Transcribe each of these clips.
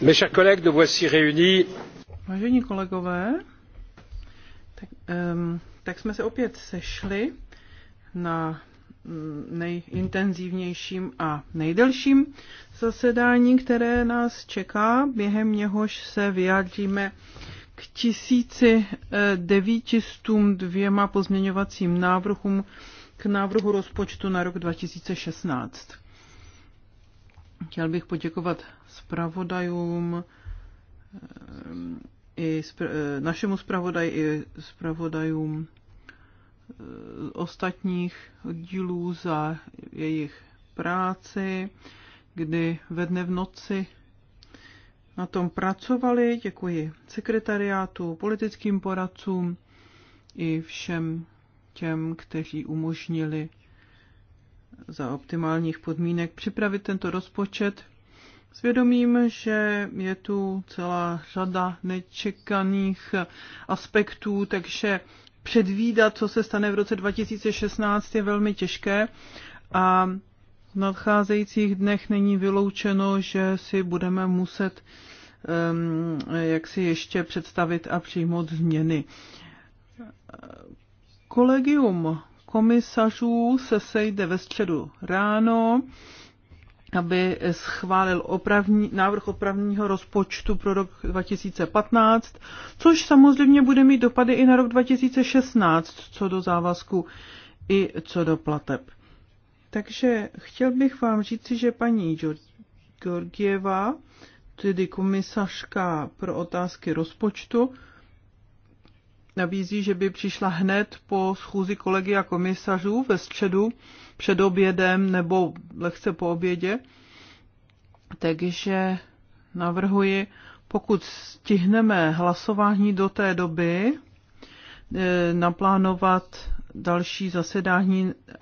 Mes chers collègues, nous voici réunis. Vážení kolegové, tak, um, tak jsme se opět sešli na mm, nejintenzivnějším a nejdelším zasedání, které nás čeká, během něhož se vyjádříme k 1902 eh, pozměňovacím návrhům k návrhu rozpočtu na rok 2016. Chtěl bych poděkovat zpravodajům, eh, i spra- eh, našemu zpravodaji, i zpravodajům eh, ostatních oddílů za jejich práci, kdy ve dne v noci na tom pracovali. Děkuji sekretariátu, politickým poradcům i všem těm, kteří umožnili za optimálních podmínek připravit tento rozpočet. Svědomím, že je tu celá řada nečekaných aspektů, takže předvídat, co se stane v roce 2016, je velmi těžké a v nadcházejících dnech není vyloučeno, že si budeme muset um, jak si ještě představit a přijmout změny. Kolegium komisařů se sejde ve středu ráno, aby schválil opravní, návrh opravního rozpočtu pro rok 2015, což samozřejmě bude mít dopady i na rok 2016, co do závazku i co do plateb. Takže chtěl bych vám říci, že paní Georgieva, tedy komisařka pro otázky rozpočtu, nabízí, že by přišla hned po schůzi kolegy a komisařů ve středu před obědem nebo lehce po obědě. Takže navrhuji, pokud stihneme hlasování do té doby, eh, naplánovat další zasedání, eh,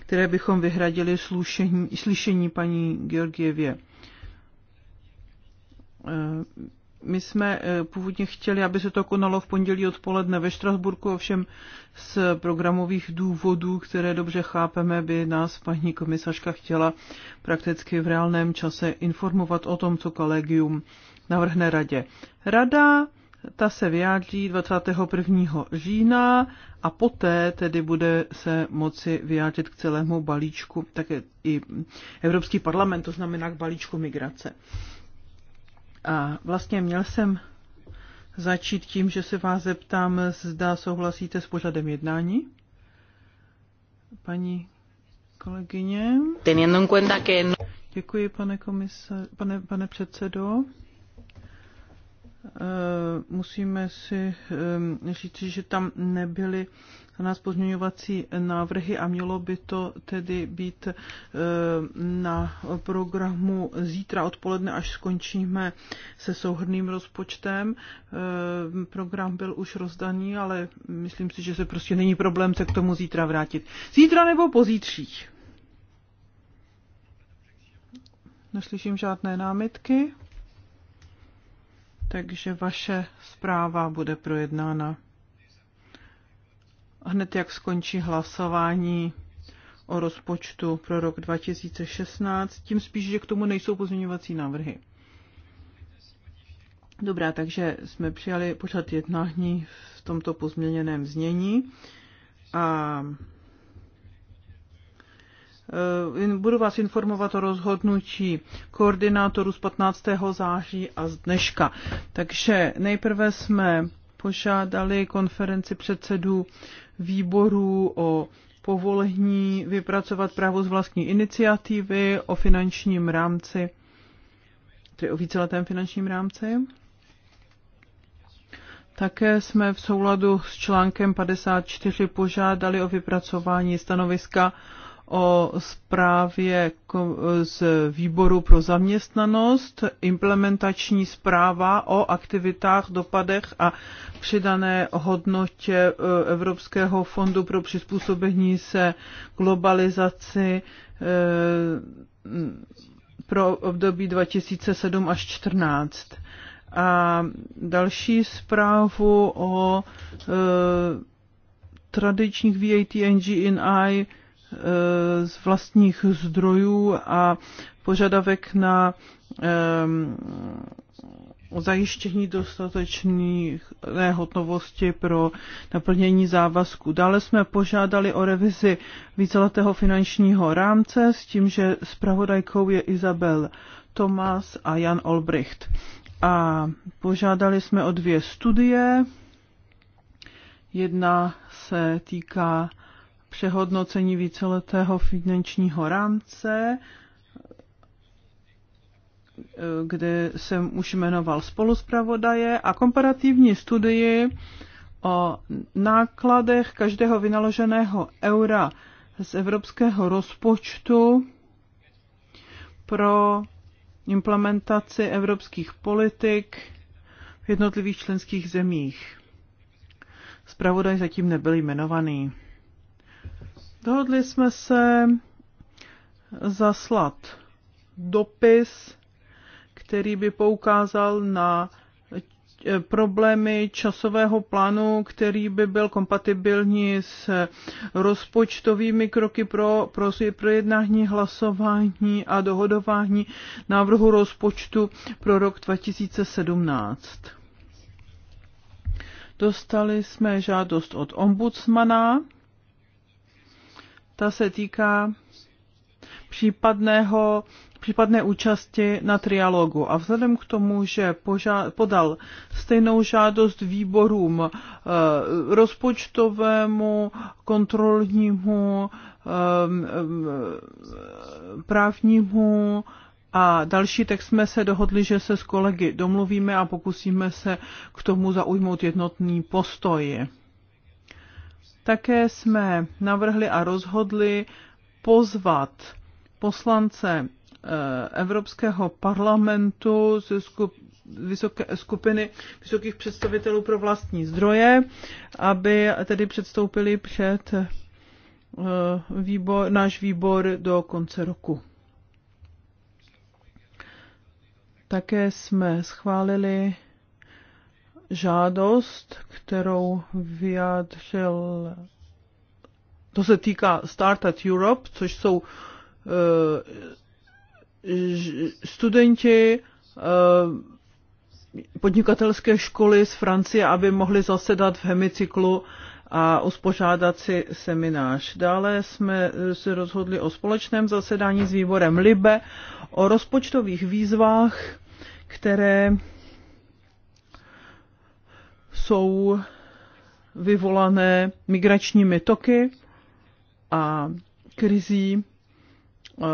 které bychom vyhradili slušení, slyšení paní Georgievě eh, my jsme eh, původně chtěli, aby se to konalo v pondělí odpoledne ve Štrasburku, ovšem z programových důvodů, které dobře chápeme, by nás paní komisařka chtěla prakticky v reálném čase informovat o tom, co kolegium navrhne radě. Rada ta se vyjádří 21. října a poté tedy bude se moci vyjádřit k celému balíčku, také i Evropský parlament, to znamená k balíčku migrace. A vlastně měl jsem začít tím, že se vás zeptám, zda souhlasíte s pořadem jednání. Paní kolegyně. Teniendo en cuenta que no- Děkuji, pane, komisar, pane, pane předsedo. Eh, musíme si eh, říct, že tam nebyly nás pozměňovací návrhy a mělo by to tedy být eh, na programu zítra odpoledne, až skončíme se souhrným rozpočtem. Program byl už rozdaný, ale myslím si, že se prostě není problém se k tomu zítra vrátit. Zítra nebo pozítří? Neslyším žádné námitky takže vaše zpráva bude projednána hned jak skončí hlasování o rozpočtu pro rok 2016, tím spíš, že k tomu nejsou pozměňovací návrhy. Dobrá, takže jsme přijali pořad jednání v tomto pozměněném znění a Eh, budu vás informovat o rozhodnutí koordinátorů z 15. září a z dneška. Takže nejprve jsme požádali konferenci předsedů výborů o povolení vypracovat právo z vlastní iniciativy o finančním rámci, tedy o víceletém finančním rámci. Také jsme v souladu s článkem 54 požádali o vypracování stanoviska o zprávě z výboru pro zaměstnanost, implementační zpráva o aktivitách, dopadech a přidané hodnotě e, Evropského fondu pro přizpůsobení se globalizaci e, pro období 2007 až 2014 a další zprávu o e, tradičních VAT and e, Eh, z vlastních zdrojů a požadavek na eh, zajištění dostatečné hotovosti pro naplnění závazku. Dále jsme požádali o revizi víceletého finančního rámce s tím, že zpravodajkou je Izabel Tomás a Jan Olbricht. A požádali jsme o dvě studie. Jedna se týká přehodnocení víceletého finančního rámce, kde jsem už jmenoval spoluzpravodaje a komparativní studii o nákladech každého vynaloženého eura z evropského rozpočtu pro implementaci evropských politik v jednotlivých členských zemích. Spravodaj zatím nebyl jmenovaný. Dohodli jsme se zaslat dopis, který by poukázal na eh, problémy časového plánu, který by byl kompatibilní s rozpočtovými kroky pro, pro projednání hlasování a dohodování návrhu rozpočtu pro rok 2017. Dostali jsme žádost od ombudsmana ta se týká případného, případné účasti na trialogu. A vzhledem k tomu, že poža- podal stejnou žádost výborům e, rozpočtovému, kontrolnímu, e, e, právnímu, a další tak jsme se dohodli, že se s kolegy domluvíme a pokusíme se k tomu zaujmout jednotný postoj. Také jsme navrhli a rozhodli pozvat poslance eh, Evropského parlamentu ze vysoké, skupiny vysokých představitelů pro vlastní zdroje, aby tedy předstoupili před eh, výbor, náš výbor do konce roku. Také jsme schválili žádost, kterou vyjádřil, to se týká Startup Europe, což jsou uh, studenti uh, podnikatelské školy z Francie, aby mohli zasedat v hemicyklu a uspořádat si seminář. Dále jsme se rozhodli o společném zasedání s výborem LIBE, o rozpočtových výzvách, které jsou vyvolané migračními toky a krizí, eh,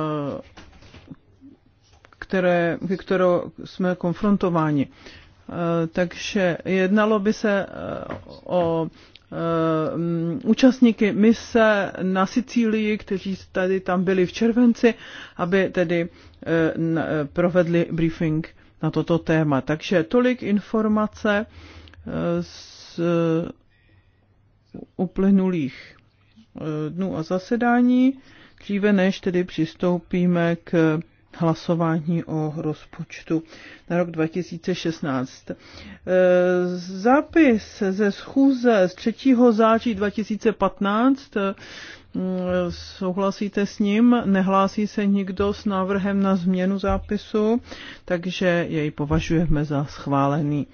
které, kterou jsme konfrontováni. Eh, takže jednalo by se eh, o mm, účastníky mise na Sicílii, kteří tady tam byli v červenci, aby tedy provedli briefing na toto téma. Takže tolik informace Eh, z eh, uplynulých eh, dnů a zasedání, dříve než tedy přistoupíme k hlasování o rozpočtu na rok 2016. Zápis ze schůze z 3. září 2015, souhlasíte s ním, nehlásí se nikdo s návrhem na změnu zápisu, takže jej považujeme za schválený.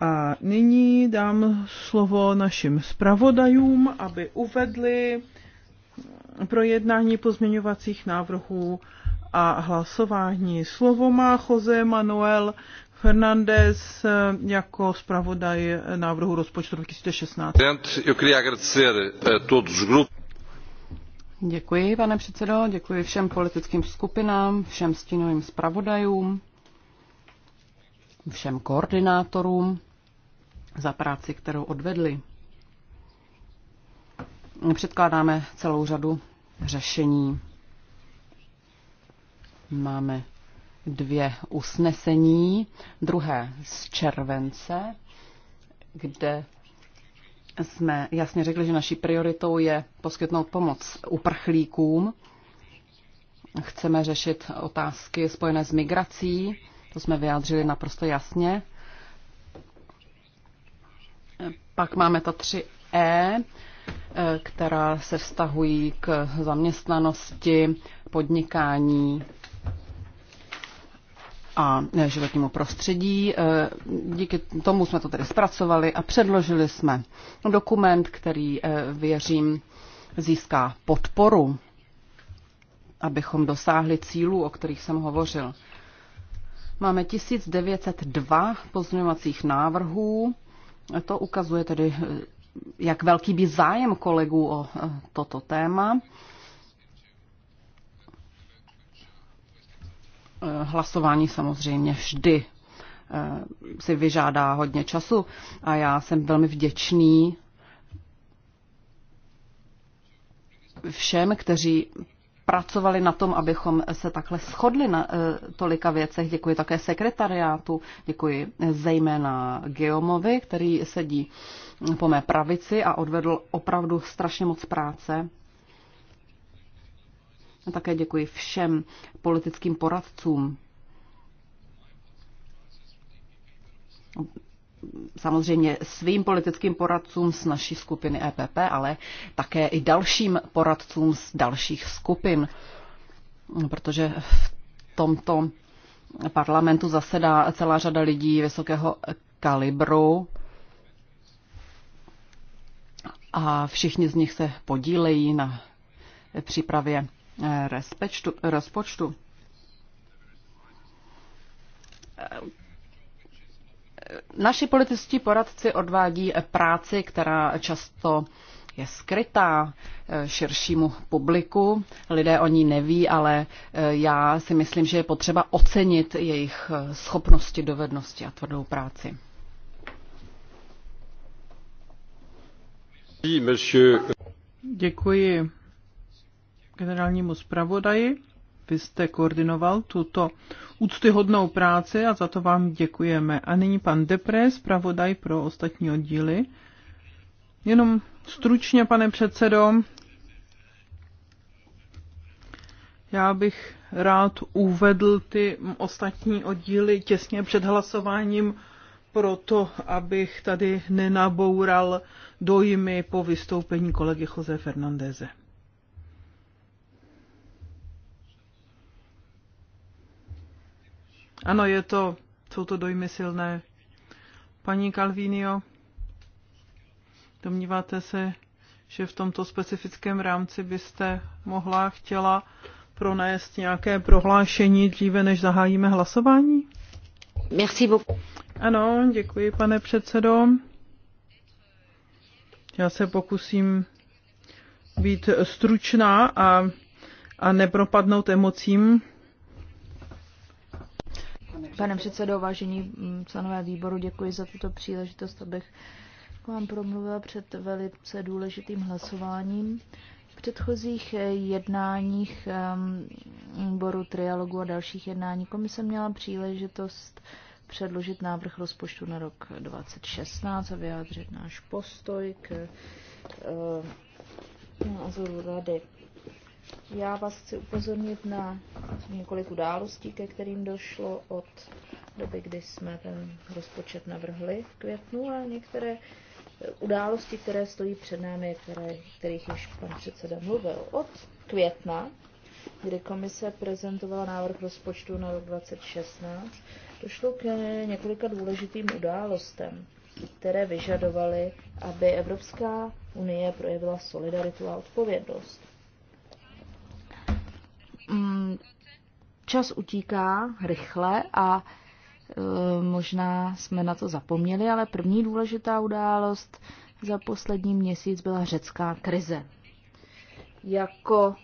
A nyní dám slovo našim zpravodajům, aby uvedli projednání pozměňovacích návrhů a hlasování. Slovo má Jose Manuel Fernández jako zpravodaj návrhu rozpočtu 2016. Děkuji, pane předsedo, děkuji všem politickým skupinám, všem stínovým zpravodajům, všem koordinátorům za práci, kterou odvedli. Předkládáme celou řadu řešení. Máme dvě usnesení, druhé z července, kde jsme jasně řekli, že naší prioritou je poskytnout pomoc uprchlíkům. Chceme řešit otázky spojené s migrací, to jsme vyjádřili naprosto jasně. Pak máme ta 3E, e, která se vztahují k zaměstnanosti, podnikání a e, životnímu prostředí. E, díky tomu jsme to tedy zpracovali a předložili jsme dokument, který, věřím, získá podporu, abychom dosáhli cílů, o kterých jsem hovořil. Máme 1902 pozměňovacích návrhů to ukazuje tedy, jak velký by zájem kolegů o eh, toto téma. Eh, hlasování samozřejmě vždy eh, si vyžádá hodně času a já jsem velmi vděčný všem, kteří pracovali na tom, abychom se takhle shodli na eh, tolika věcech. Děkuji také sekretariátu, děkuji zejména Geomovi, který sedí po mé pravici a odvedl opravdu strašně moc práce. A také děkuji všem politickým poradcům samozřejmě svým politickým poradcům z naší skupiny EPP, ale také i dalším poradcům z dalších skupin, protože v tomto parlamentu zasedá celá řada lidí vysokého kalibru a všichni z nich se podílejí na přípravě eh, rozpočtu. Naši političtí poradci odvádí práci, která často je skrytá eh, širšímu publiku. Lidé o ní neví, ale eh, já si myslím, že je potřeba ocenit jejich eh, schopnosti, dovednosti a tvrdou práci. Děkuji generálnímu zpravodaji vy jste koordinoval tuto úctyhodnou práci a za to vám děkujeme. A nyní pan Depré, zpravodaj pro ostatní oddíly. Jenom stručně, pane předsedo, já bych rád uvedl ty ostatní oddíly těsně před hlasováním proto, abych tady nenaboural dojmy po vystoupení kolegy Jose Fernandeze. Ano, je to, jsou to dojmy silné. Paní Calvinio, domníváte se, že v tomto specifickém rámci byste mohla, chtěla pronést nějaké prohlášení dříve, než zahájíme hlasování? Merci beaucoup. Ano, děkuji, pane předsedo. Já se pokusím být stručná a, a nepropadnout emocím. Pane předsedo, vážení mm, členové výboru, děkuji za tuto příležitost, abych k vám promluvila před velice důležitým hlasováním. V předchozích eh, jednáních ehm, výboru trialogu a dalších jednání komise měla příležitost předložit návrh rozpočtu na rok 2016 a vyjádřit náš postoj k eh, názoru rady. Já vás chci upozornit na několik událostí, ke kterým došlo od doby, kdy jsme ten rozpočet navrhli v květnu a některé eh, události, které stojí před námi, které, kterých již pan předseda mluvil. Od května, kdy komise prezentovala návrh rozpočtu na rok 2016, došlo k několika důležitým událostem, které vyžadovaly, aby Evropská unie projevila solidaritu a odpovědnost. Mm, čas utíká rychle a e, možná jsme na to zapomněli, ale první důležitá událost za poslední měsíc byla řecká krize. Jako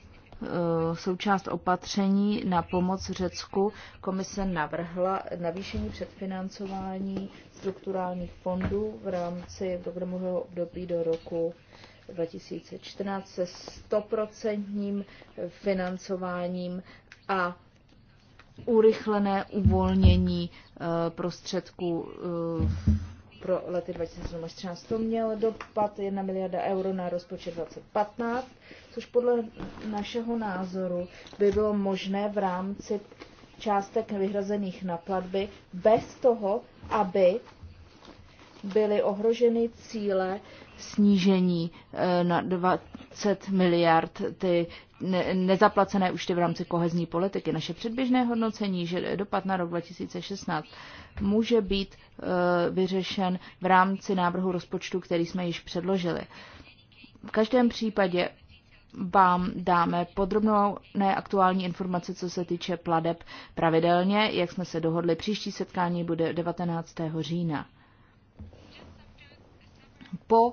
e, součást opatření na pomoc Řecku komise navrhla navýšení předfinancování strukturálních fondů v rámci programového období do roku 2014 se stoprocentním financováním a urychlené uvolnění eh, prostředků eh, pro lety 2013. To měl dopad 1 miliarda euro na rozpočet 2015, což podle našeho názoru by bylo možné v rámci částek vyhrazených na platby bez toho, aby byly ohroženy cíle snížení eh, na 20 miliard ty nezaplacené účty v rámci kohezní politiky. Naše předběžné hodnocení, že dopad na rok 2016 může být eh, vyřešen v rámci návrhu rozpočtu, který jsme již předložili. V každém případě vám dáme podrobnou neaktuální informace, co se týče pladeb pravidelně, jak jsme se dohodli. Příští setkání bude 19. října. Po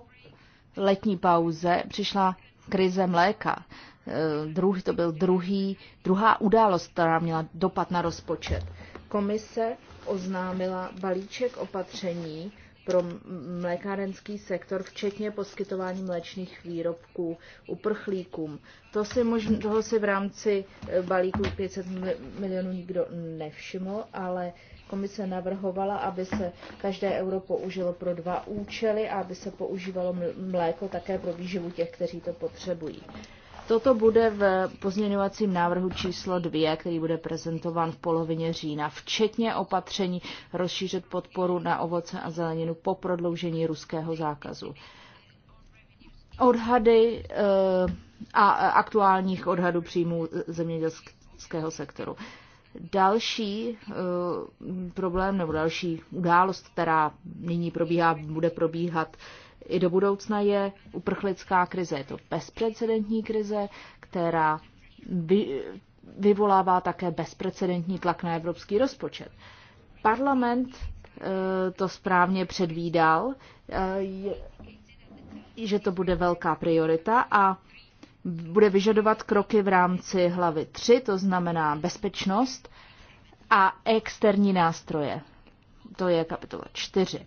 letní pauze přišla krize mléka. Eh, druhý, to byl druhý, druhá událost, která měla dopad na rozpočet. Komise oznámila balíček opatření pro mlékárenský sektor, včetně poskytování mléčných výrobků uprchlíkům. To si možná, toho si v rámci eh, balíku 500 milionů nikdo nevšiml, ale Komise navrhovala, aby se každé euro použilo pro dva účely a aby se používalo mléko také pro výživu těch, kteří to potřebují. Toto bude v pozměňovacím návrhu číslo 2, který bude prezentován v polovině října, včetně opatření rozšířit podporu na ovoce a zeleninu po prodloužení ruského zákazu. Odhady eh, a aktuálních odhadů příjmů zemědělského sektoru. Další eh, problém nebo další událost, která nyní probíhá, bude probíhat i do budoucna, je uprchlická krize. Je to bezprecedentní krize, která vy, vyvolává také bezprecedentní tlak na evropský rozpočet. Parlament eh, to správně předvídal, eh, že to bude velká priorita a bude vyžadovat kroky v rámci hlavy 3, to znamená bezpečnost a externí nástroje. To je kapitola 4.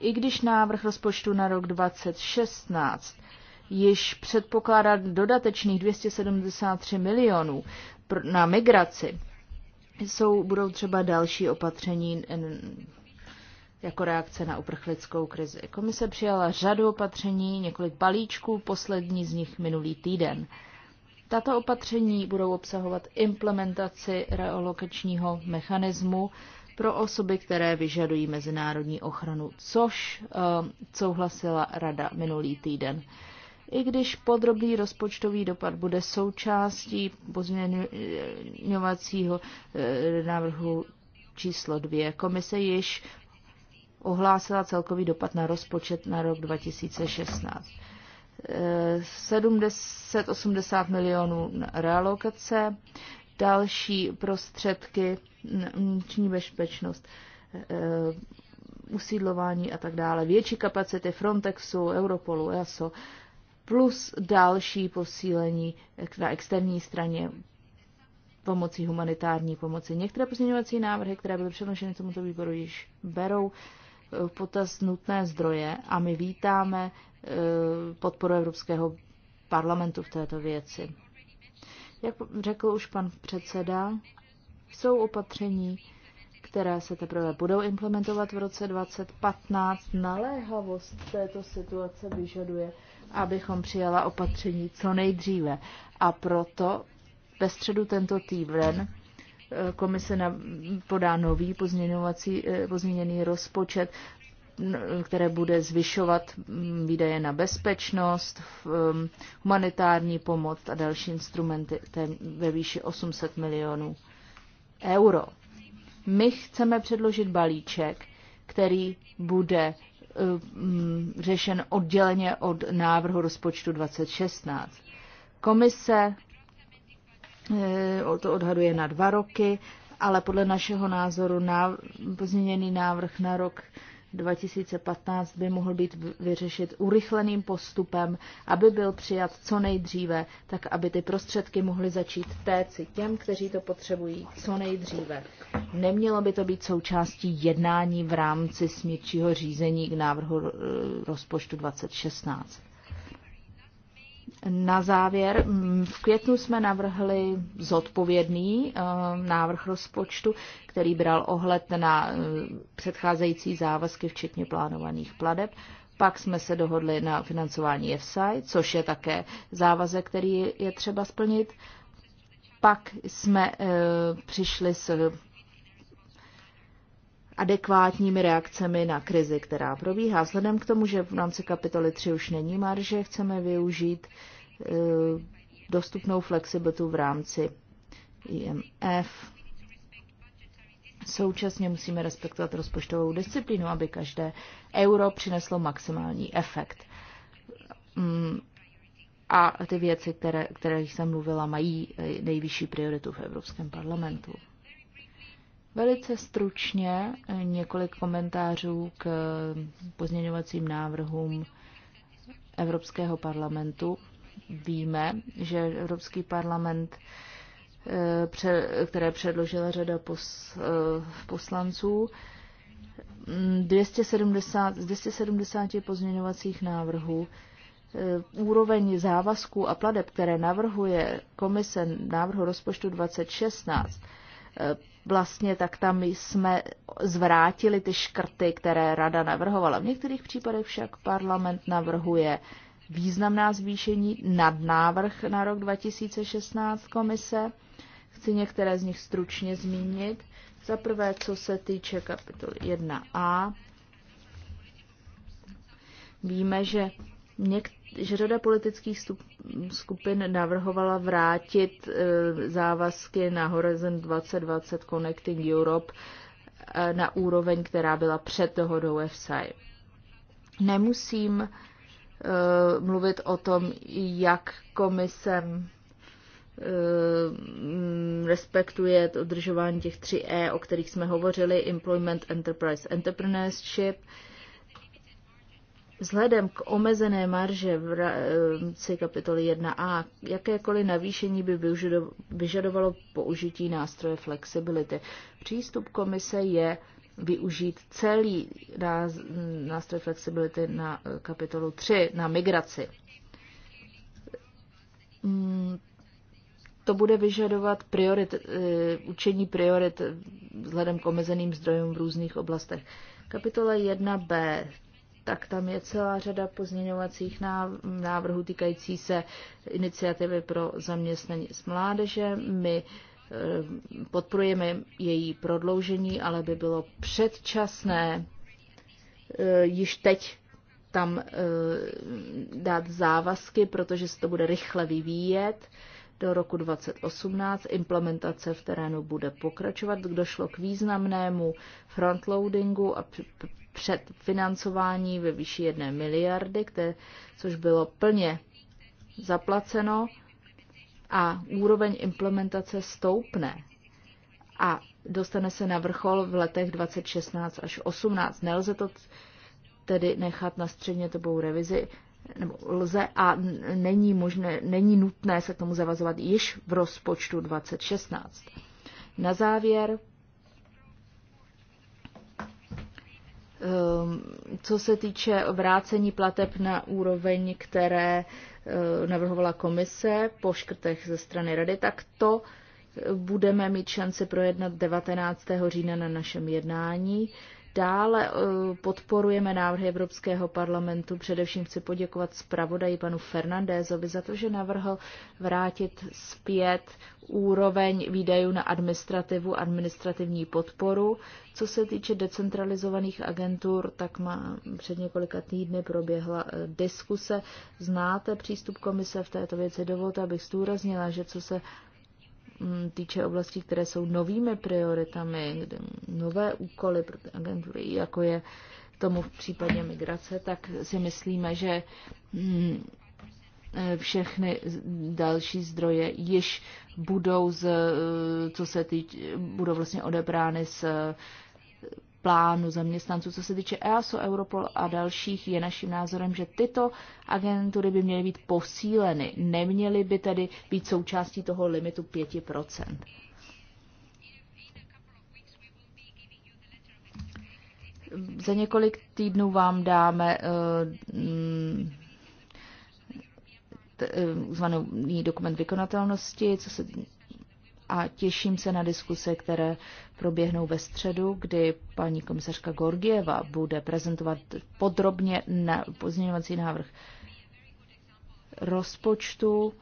I když návrh rozpočtu na rok 2016 již předpokládá dodatečných 273 milionů na migraci, jsou, budou třeba další opatření jako reakce na uprchlickou krizi. Komise přijala řadu opatření, několik balíčků, poslední z nich minulý týden. Tato opatření budou obsahovat implementaci reolokačního mechanismu pro osoby, které vyžadují mezinárodní ochranu, což uh, souhlasila Rada minulý týden. I když podrobný rozpočtový dopad bude součástí pozměňovacího eh, návrhu číslo dvě. Komise již ohlásila celkový dopad na rozpočet na rok 2016. 780 milionů realokace, další prostředky, vnitřní bezpečnost, eh, usídlování a tak dále, větší kapacity Frontexu, Europolu, ESO, plus další posílení na externí straně pomocí humanitární pomoci. Některé pozměňovací návrhy, které byly předloženy tomuto výboru, již berou potaz nutné zdroje a my vítáme e, podporu Evropského parlamentu v této věci. Jak řekl už pan předseda, jsou opatření, které se teprve budou implementovat v roce 2015. Naléhavost této situace vyžaduje, abychom přijala opatření co nejdříve. A proto ve středu tento týden Komise podá nový pozměňovací, eh, pozměněný rozpočet, které bude zvyšovat mm, výdaje na bezpečnost, mm, humanitární pomoc a další instrumenty ve výši 800 milionů euro. My chceme předložit balíček, který bude eh, mm, řešen odděleně od návrhu rozpočtu 2016. Komise Eh, to odhaduje na dva roky, ale podle našeho názoru na, pozměněný návrh na rok 2015 by mohl být vyřešit urychleným postupem, aby byl přijat co nejdříve, tak aby ty prostředky mohly začít téci těm, kteří to potřebují co nejdříve. Nemělo by to být součástí jednání v rámci smětčího řízení k návrhu eh, rozpočtu 2016. Na závěr, mm, v květnu jsme navrhli zodpovědný eh, návrh rozpočtu, který bral ohled na eh, předcházející závazky, včetně plánovaných pladeb. Pak jsme se dohodli na financování EFSAI, což je také závazek, který je třeba splnit. Pak jsme eh, přišli s adekvátními reakcemi na krizi, která probíhá. Vzhledem k tomu, že v rámci kapitoly 3 už není marže, chceme využít eh, dostupnou flexibilitu v rámci IMF. Současně musíme respektovat rozpočtovou disciplínu, aby každé euro přineslo maximální efekt. Mm, a ty věci, které, které jsem mluvila, mají eh, nejvyšší prioritu v Evropském parlamentu. Velice stručně eh, několik komentářů k pozměňovacím návrhům Evropského parlamentu. Víme, že Evropský parlament, eh, které předložila řada eh, poslanců, 270, mm, z 270 pozměňovacích návrhů úroveň závazků a pladeb, které navrhuje komise návrhu rozpočtu 2016, vlastně, tak tam jsme zvrátili ty škrty, které rada navrhovala. V některých případech však parlament navrhuje významná zvýšení nad návrh na rok 2016 komise. Chci některé z nich stručně zmínit. Za prvé, co se týče kapitoly 1a, víme, že že řada politických skupin navrhovala vrátit e, závazky na Horizon 2020 Connecting Europe e, na úroveň, která byla před dohodou EFSI. Nemusím e, mluvit o tom, jak komisem respektuje to udržování těch 3E, o kterých jsme hovořili, Employment, Enterprise, Entrepreneurship, Vzhledem k omezené marže v rámci kapitoly 1a, jakékoliv navýšení by vyžadovalo použití nástroje flexibility. Přístup komise je využít celý nástroj flexibility na eh, kapitolu 3, na migraci. Hmm, to bude vyžadovat priorit, eh, učení priorit vzhledem k omezeným zdrojům v různých oblastech. Kapitola 1b tak tam je celá řada pozměňovacích návrhů týkající se iniciativy pro zaměstnaní s mládeže. My eh, podporujeme její prodloužení, ale by bylo předčasné eh, již teď tam eh, dát závazky, protože se to bude rychle vyvíjet do roku 2018. Implementace v terénu bude pokračovat. Došlo k významnému frontloadingu a předfinancování ve výši jedné miliardy, které, což bylo plně zaplaceno a úroveň implementace stoupne a dostane se na vrchol v letech 2016 až 18. Nelze to tedy nechat na středně tobou revizi, nebo lze a není, možné, není nutné se k tomu zavazovat již v rozpočtu 2016. Na závěr Ehm, co se týče vrácení plateb na úroveň, které eh, navrhovala komise po škrtech ze strany rady, tak to eh, budeme mít šanci projednat 19. října na našem jednání. Dále eh, podporujeme návrhy Evropského parlamentu. Především chci poděkovat zpravodaji panu Fernandézovi za to, že navrhl vrátit zpět úroveň výdajů na administrativu, administrativní podporu. Co se týče decentralizovaných agentur, tak má před několika týdny proběhla eh, diskuse. Znáte přístup komise v této věci? Dovolte, abych zdůraznila, že co se Mm, týče oblastí, které jsou novými prioritami, nové úkoly pro agentury, jako je tomu v případě migrace, tak si myslíme, že mm, e, všechny další zdroje již budou, z, e, co se týče, budou vlastně odebrány z plánu zaměstnanců. Co se týče EASO, Europol a dalších, je naším názorem, že tyto agentury by měly být posíleny, neměly by tedy být součástí toho limitu 5%. Za několik týdnů vám dáme uh, zvaný dokument vykonatelnosti, co se a těším se na diskuse, které proběhnou ve středu, kdy paní komisařka Gorgieva bude prezentovat podrobně na pozměňovací návrh rozpočtu,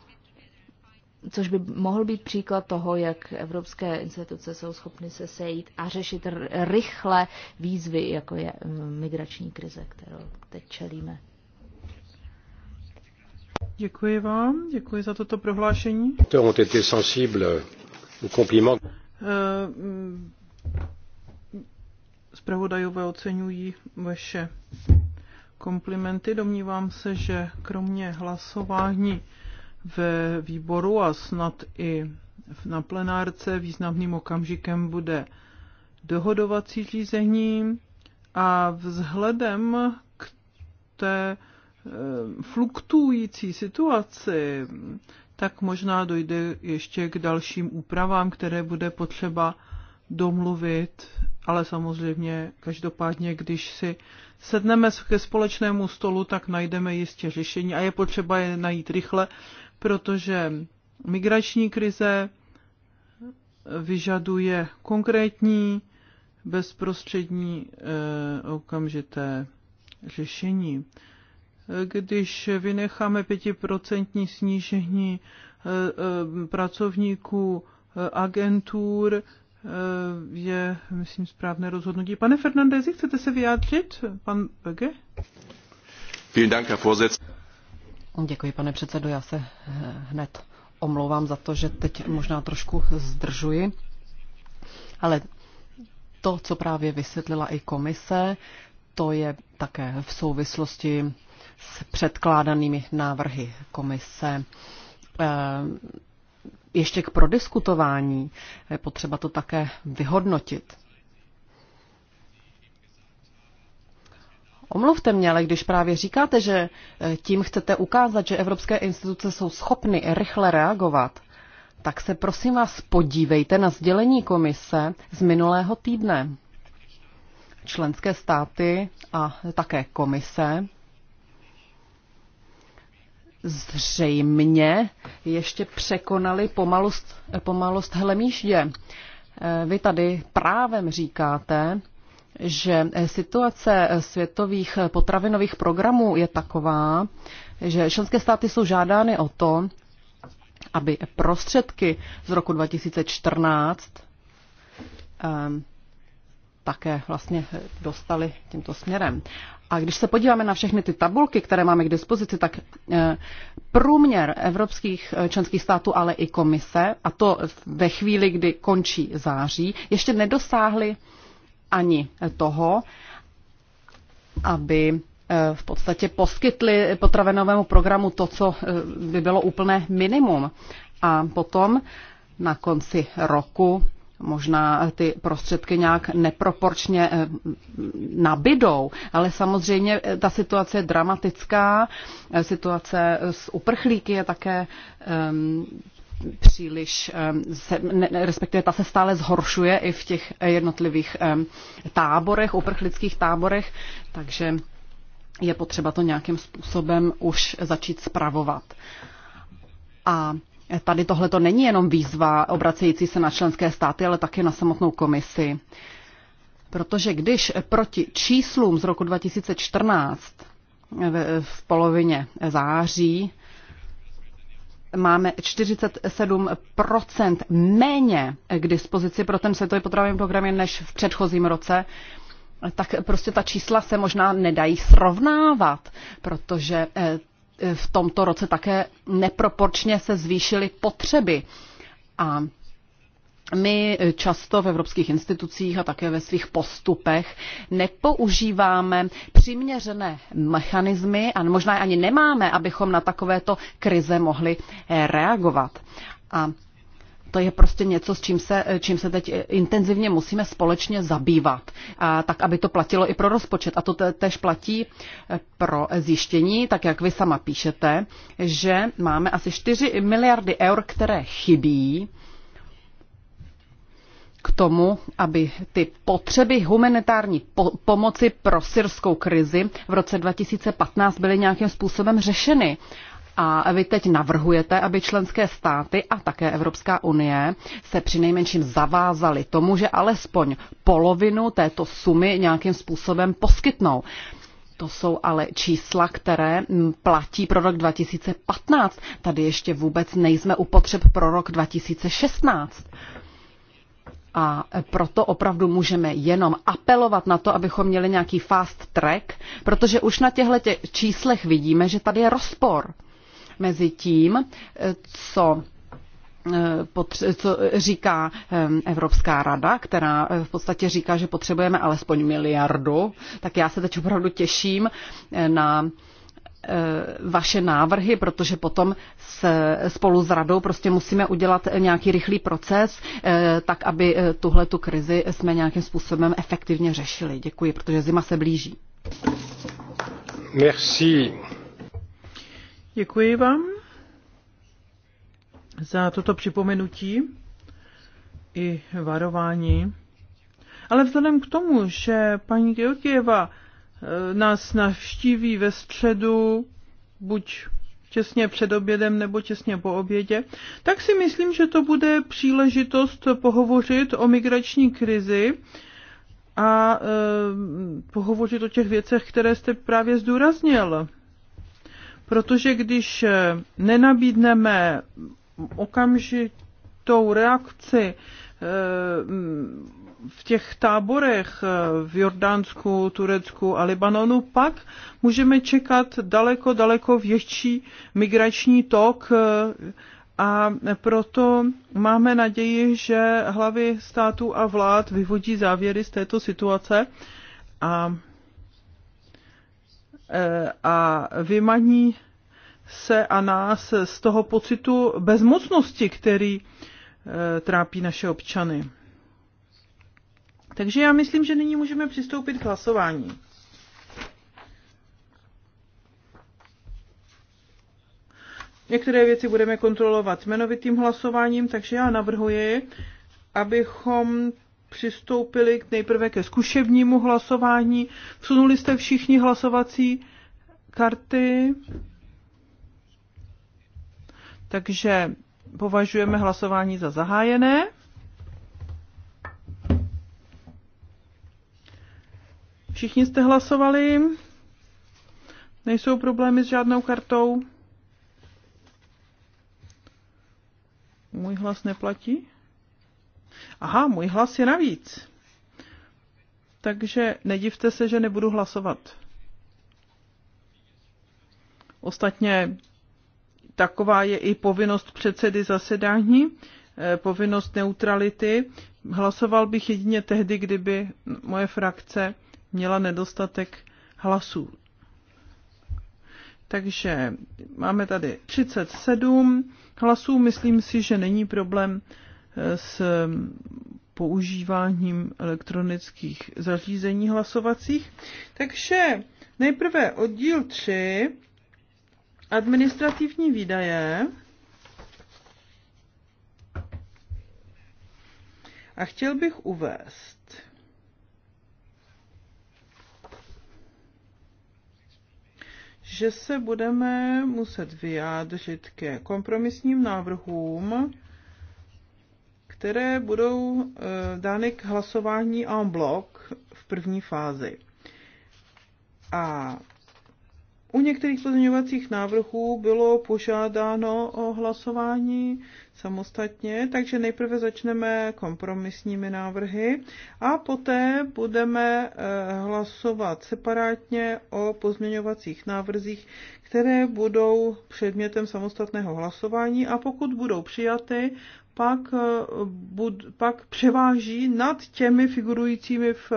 což by mohl být příklad toho, jak evropské instituce jsou schopny se sejít a řešit rychle výzvy, jako je mm, migrační krize, kterou teď čelíme. Děkuji vám, děkuji za toto prohlášení. Kompliment. Spravodajové eh, oceňují vaše komplimenty. Domnívám se, že kromě hlasování ve výboru a snad i na plenárce významným okamžikem bude dohodovací řízení a vzhledem k té eh, fluktuující situaci tak možná dojde ještě k dalším úpravám, které bude potřeba domluvit, ale samozřejmě každopádně, když si sedneme ke společnému stolu, tak najdeme jistě řešení a je potřeba je najít rychle, protože migrační krize vyžaduje konkrétní, bezprostřední, e, okamžité řešení když vynecháme pětiprocentní snížení eh, eh, pracovníků eh, agentur, je, myslím, správné rozhodnutí. Pane Fernandezi, chcete se vyjádřit? Pan Bege? Děkuji, pane předsedo. Já se hned omlouvám za to, že teď možná trošku zdržuji, ale to, co právě vysvětlila i komise, to je také v souvislosti s předkládanými návrhy komise. Eh, ještě k prodiskutování je potřeba to také vyhodnotit. Omluvte mě, ale když právě říkáte, že eh, tím chcete ukázat, že evropské instituce jsou schopny rychle reagovat, tak se prosím vás podívejte na sdělení komise z minulého týdne. Členské státy a také komise zřejmě ještě překonali pomalost, pomalost hlemíždě. Eh, vy tady právem říkáte, že eh, situace eh, světových potravinových programů je taková, že členské státy jsou žádány o to, aby prostředky z roku 2014 také vlastně dostali tímto směrem. A když se podíváme na všechny ty tabulky, které máme k dispozici, tak eh, průměr evropských eh, členských států, ale i komise, a to ve chvíli, kdy končí září, ještě nedosáhly ani toho, aby eh, v podstatě poskytli potravenovému programu to, co by bylo úplné minimum. A potom na konci roku možná ty prostředky nějak neproporčně eh, nabidou, ale samozřejmě eh, ta situace je dramatická, eh, situace s uprchlíky je také um, příliš, ehm, se, ne, respektive ta se stále zhoršuje i v těch jednotlivých um, táborech, uprchlických táborech, takže je potřeba to nějakým způsobem už začít spravovat. A Tady tohle to není jenom výzva obracející se na členské státy, ale také na samotnou komisi. Protože když proti číslům z roku 2014 v polovině září máme 47% méně k dispozici pro ten světový potravinový program než v předchozím roce, tak prostě ta čísla se možná nedají srovnávat, protože eh, v tomto roce také neproporčně se zvýšily potřeby. A my často v evropských institucích a také ve svých postupech nepoužíváme přiměřené mechanismy a možná ani nemáme, abychom na takovéto krize mohli reagovat. A to je prostě něco, s čím se, čím se teď intenzivně musíme společně zabývat, a tak aby to platilo i pro rozpočet. A to tež platí eh, pro zjištění, tak jak vy sama píšete, že máme asi 4 miliardy eur, které chybí k tomu, aby ty potřeby humanitární po- pomoci pro syrskou krizi v roce 2015 byly nějakým způsobem řešeny. A vy teď navrhujete, aby členské státy a také Evropská unie se přinejmenším zavázaly tomu, že alespoň polovinu této sumy nějakým způsobem poskytnou. To jsou ale čísla, které mm, platí pro rok 2015. Tady ještě vůbec nejsme u potřeb pro rok 2016. A proto opravdu můžeme jenom apelovat na to, abychom měli nějaký fast track, protože už na těchto číslech vidíme, že tady je rozpor mezi tím, co eh, co říká eh, Evropská rada, která eh, v podstatě říká, že potřebujeme alespoň miliardu, tak já se teď opravdu těším na vaše návrhy, protože potom se, spolu s radou prostě musíme udělat nějaký rychlý proces, tak aby tuhle tu krizi jsme nějakým způsobem efektivně řešili. Děkuji, protože zima se blíží. Merci. Děkuji vám za toto připomenutí i varování. Ale vzhledem k tomu, že paní Georgieva eh, nás navštíví ve středu, buď těsně před obědem nebo těsně po obědě, tak si myslím, že to bude příležitost pohovořit o migrační krizi a e, pohovořit o těch věcech, které jste právě zdůraznil protože když eh, nenabídneme okamžitou reakci eh, v těch táborech eh, v Jordánsku, Turecku a Libanonu, pak můžeme čekat daleko, daleko větší migrační tok a proto máme naději, že hlavy států a vlád vyvodí závěry z této situace a Eh, a vymaní se a nás z toho pocitu bezmocnosti, který eh, trápí naše občany. Takže já myslím, že nyní můžeme přistoupit k hlasování. Některé věci budeme kontrolovat jmenovitým hlasováním, takže já navrhuji, abychom přistoupili nejprve ke zkušebnímu hlasování. Vsunuli jste všichni hlasovací karty. Takže považujeme hlasování za zahájené. Všichni jste hlasovali. Nejsou problémy s žádnou kartou. Můj hlas neplatí? aha, můj hlas je navíc. Takže nedivte se, že nebudu hlasovat. Ostatně taková je i povinnost předsedy zasedání, eh, povinnost neutrality. Hlasoval bych jedině tehdy, kdyby moje frakce měla nedostatek hlasů. Takže máme tady 37 hlasů. Myslím si, že není problém s používáním elektronických zařízení hlasovacích. Takže nejprve oddíl 3, administrativní výdaje. A chtěl bych uvést, že se budeme muset vyjádřit ke kompromisním návrhům které budou eh, dány k hlasování en bloc v první fázi. A u některých pozměňovacích návrhů bylo požádáno o hlasování samostatně, takže nejprve začneme kompromisními návrhy a poté budeme eh, hlasovat separátně o pozměňovacích návrzích, které budou předmětem samostatného hlasování a pokud budou přijaty, pak, eh, bud, pak převáží nad těmi figurujícími v,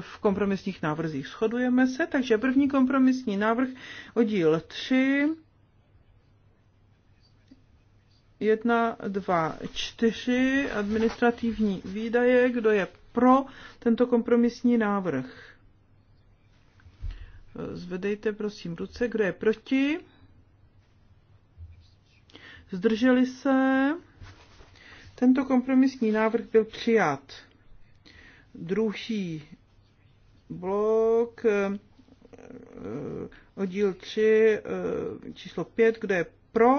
v kompromisních návrzích. Shodujeme se, takže první kompromisní návrh, oddíl 3, 1, 2, 4, administrativní výdaje, kdo je pro tento kompromisní návrh. Eh, zvedejte prosím ruce, kdo je proti. Zdrželi se. Tento kompromisní návrh byl přijat. Druhý blok, eh, eh, oddíl 3, eh, číslo 5, kde je pro,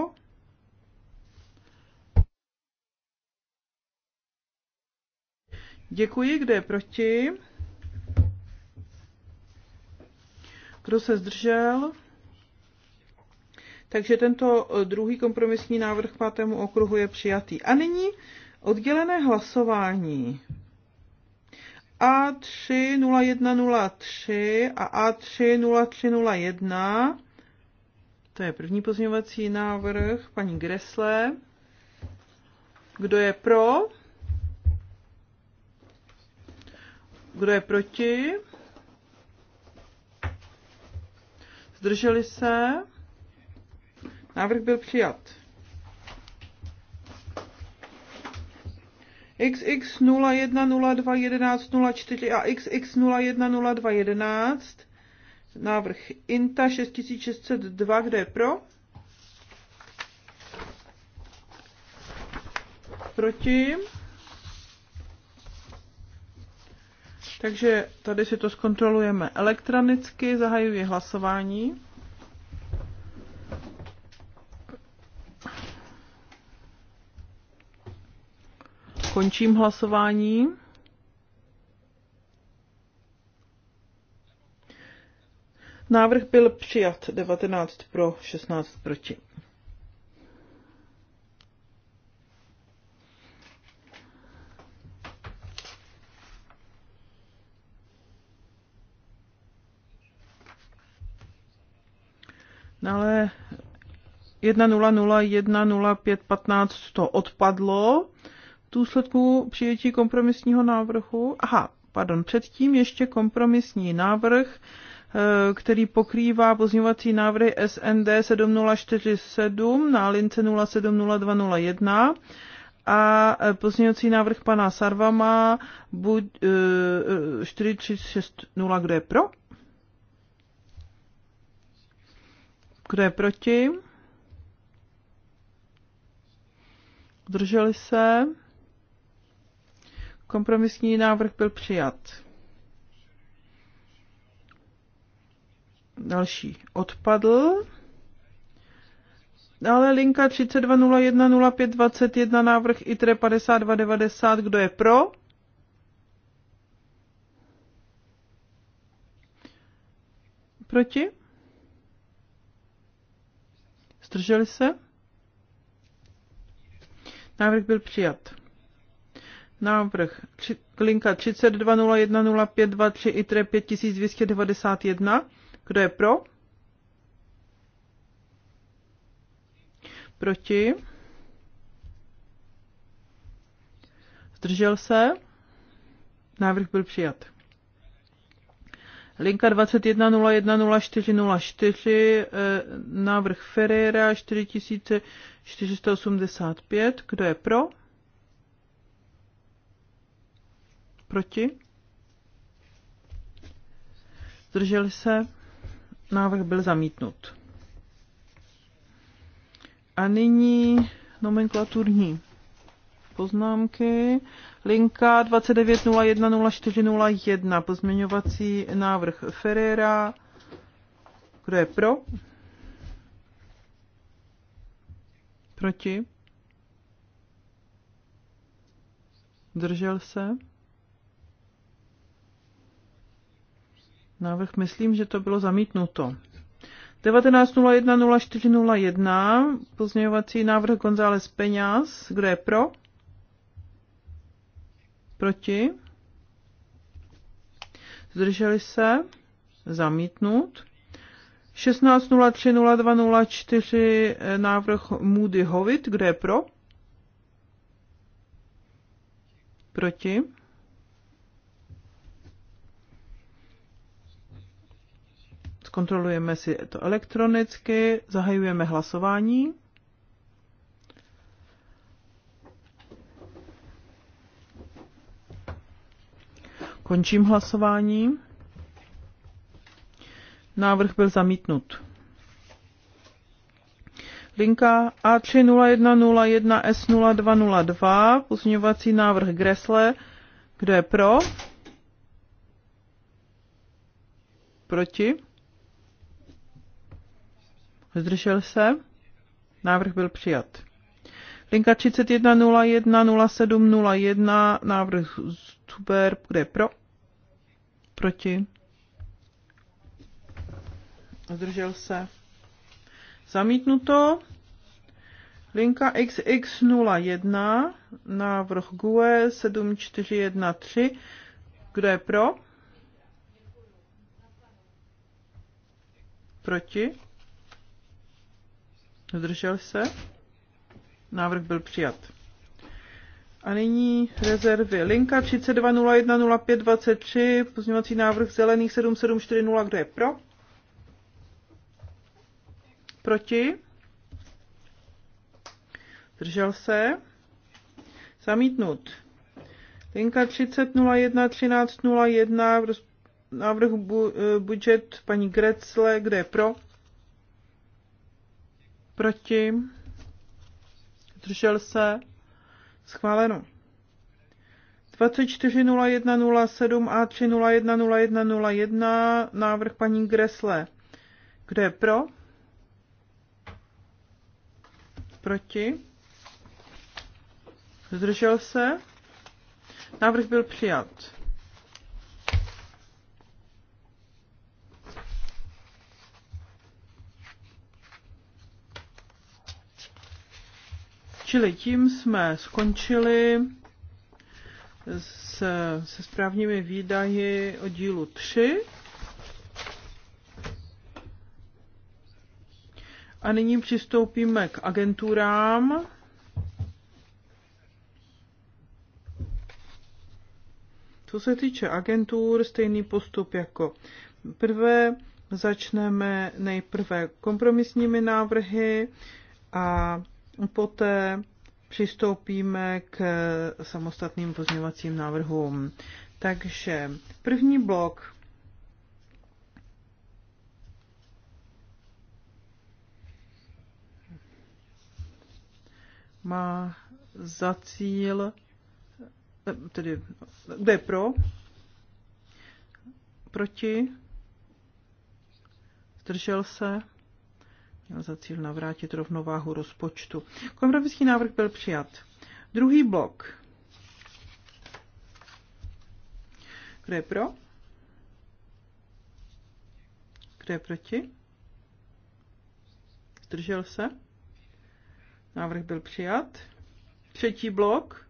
Děkuji, kde je proti? Kdo se zdržel? Takže tento eh, druhý kompromisní návrh k pátému okruhu je přijatý. A nyní oddělené hlasování. A30103 a A30301. To je první pozměňovací návrh paní Gresle. Kdo je pro? Kdo je proti? Zdrželi se? Návrh byl přijat. XX01021104 a XX010211 návrh INTA 6602, kde je pro? Proti? Takže tady si to zkontrolujeme elektronicky, zahajuji hlasování. Končím hlasování. Návrh byl přijat 19 pro 16 proti. No ale 10010515 to odpadlo, důsledku přijetí kompromisního návrhu. Aha, pardon, předtím ještě kompromisní návrh, eh, který pokrývá pozměňovací návrhy SND 7047 na lince 070201 a eh, pozměňovací návrh pana Sarvama buď, e, eh, 4360, kdo je pro? Kdo je proti? Drželi se? Kompromisní návrh byl přijat. Další odpadl. Dále linka 32010521 návrh ITRE 5290. Kdo je pro? Proti? Zdrželi se? Návrh byl přijat. Návrh linka 32010523 ITRE 5291. Kdo je pro? Proti? Zdržel se? Návrh byl přijat. Linka 21010404, eh, návrh Ferreira 4485. Kdo je pro? Proti? Zdrželi se? Návrh byl zamítnut. A nyní nomenklaturní poznámky. Linka 29010401, pozměňovací návrh Ferrera. Kdo je pro? Proti? Držel se? Návrh myslím, že to bylo zamítnuto. 19.01.04.01 pozměňovací návrh González Peňaz. Kdo je pro? Proti? Zdrželi se? Zamítnut. 16.03.02.04 eh, návrh Moody Hovit. Kdo je pro? Proti? zkontrolujeme si to elektronicky, zahajujeme hlasování. Končím hlasování. Návrh byl zamítnut. Linka A30101S0202, pozměňovací návrh Gresle. Kdo je pro? Proti? Zdržel se? Návrh byl přijat. Linka 31010701, návrh super, kde je pro? Proti? Zdržel se? Zamítnuto. Linka XX01, návrh GUE 7413, kdo je pro? Proti? Zdržel se? Návrh byl přijat. A nyní rezervy. Linka 32010523, pozměňovací návrh zelených 7740, kdo je pro? Proti? Zdržel se? Zamítnut. Linka 30011301, návrh bu, eh, budget paní Grecle, kde je pro? proti, zdržel se, schváleno. 24.01.07 a 3.01.01.01 návrh paní Gresle. Kdo je pro? Proti? Zdržel se? Návrh byl přijat. Čili tím jsme skončili se, se správními výdaji o dílu 3. A nyní přistoupíme k agenturám. Co se týče agentur, stejný postup jako prvé. Začneme nejprve kompromisními návrhy a Poté přistoupíme k samostatným pozměňovacím návrhům. Takže první blok má za cíl, tedy kde je pro, proti, zdržel se, měl za cíl navrátit rovnováhu rozpočtu. Kompromisní návrh byl přijat. Druhý blok. Kdo je pro? Kdo je proti? Zdržel se? Návrh byl přijat. Třetí blok.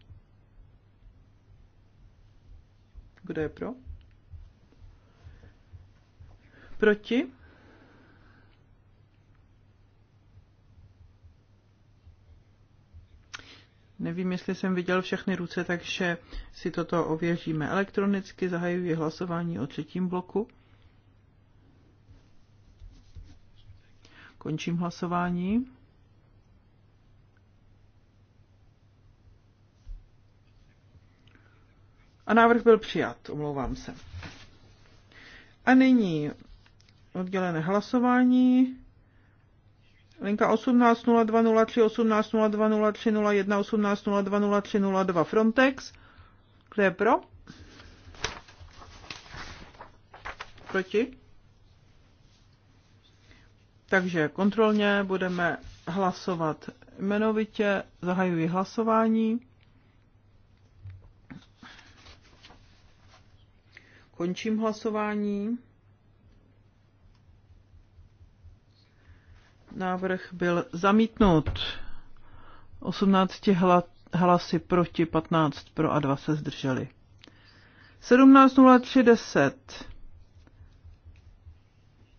Kdo je pro? Proti? Nevím, jestli jsem viděl všechny ruce, takže si toto ověříme elektronicky. Zahajuji hlasování o třetím bloku. Končím hlasování. A návrh byl přijat, omlouvám se. A nyní oddělené hlasování Linka 180203, Frontex. Kdo je pro? Proti? Takže kontrolně budeme hlasovat jmenovitě. Zahajuji hlasování. Končím hlasování. Návrh byl zamítnut. 18 hlasy proti, 15 pro a 2 se zdrželi. 17.03.10.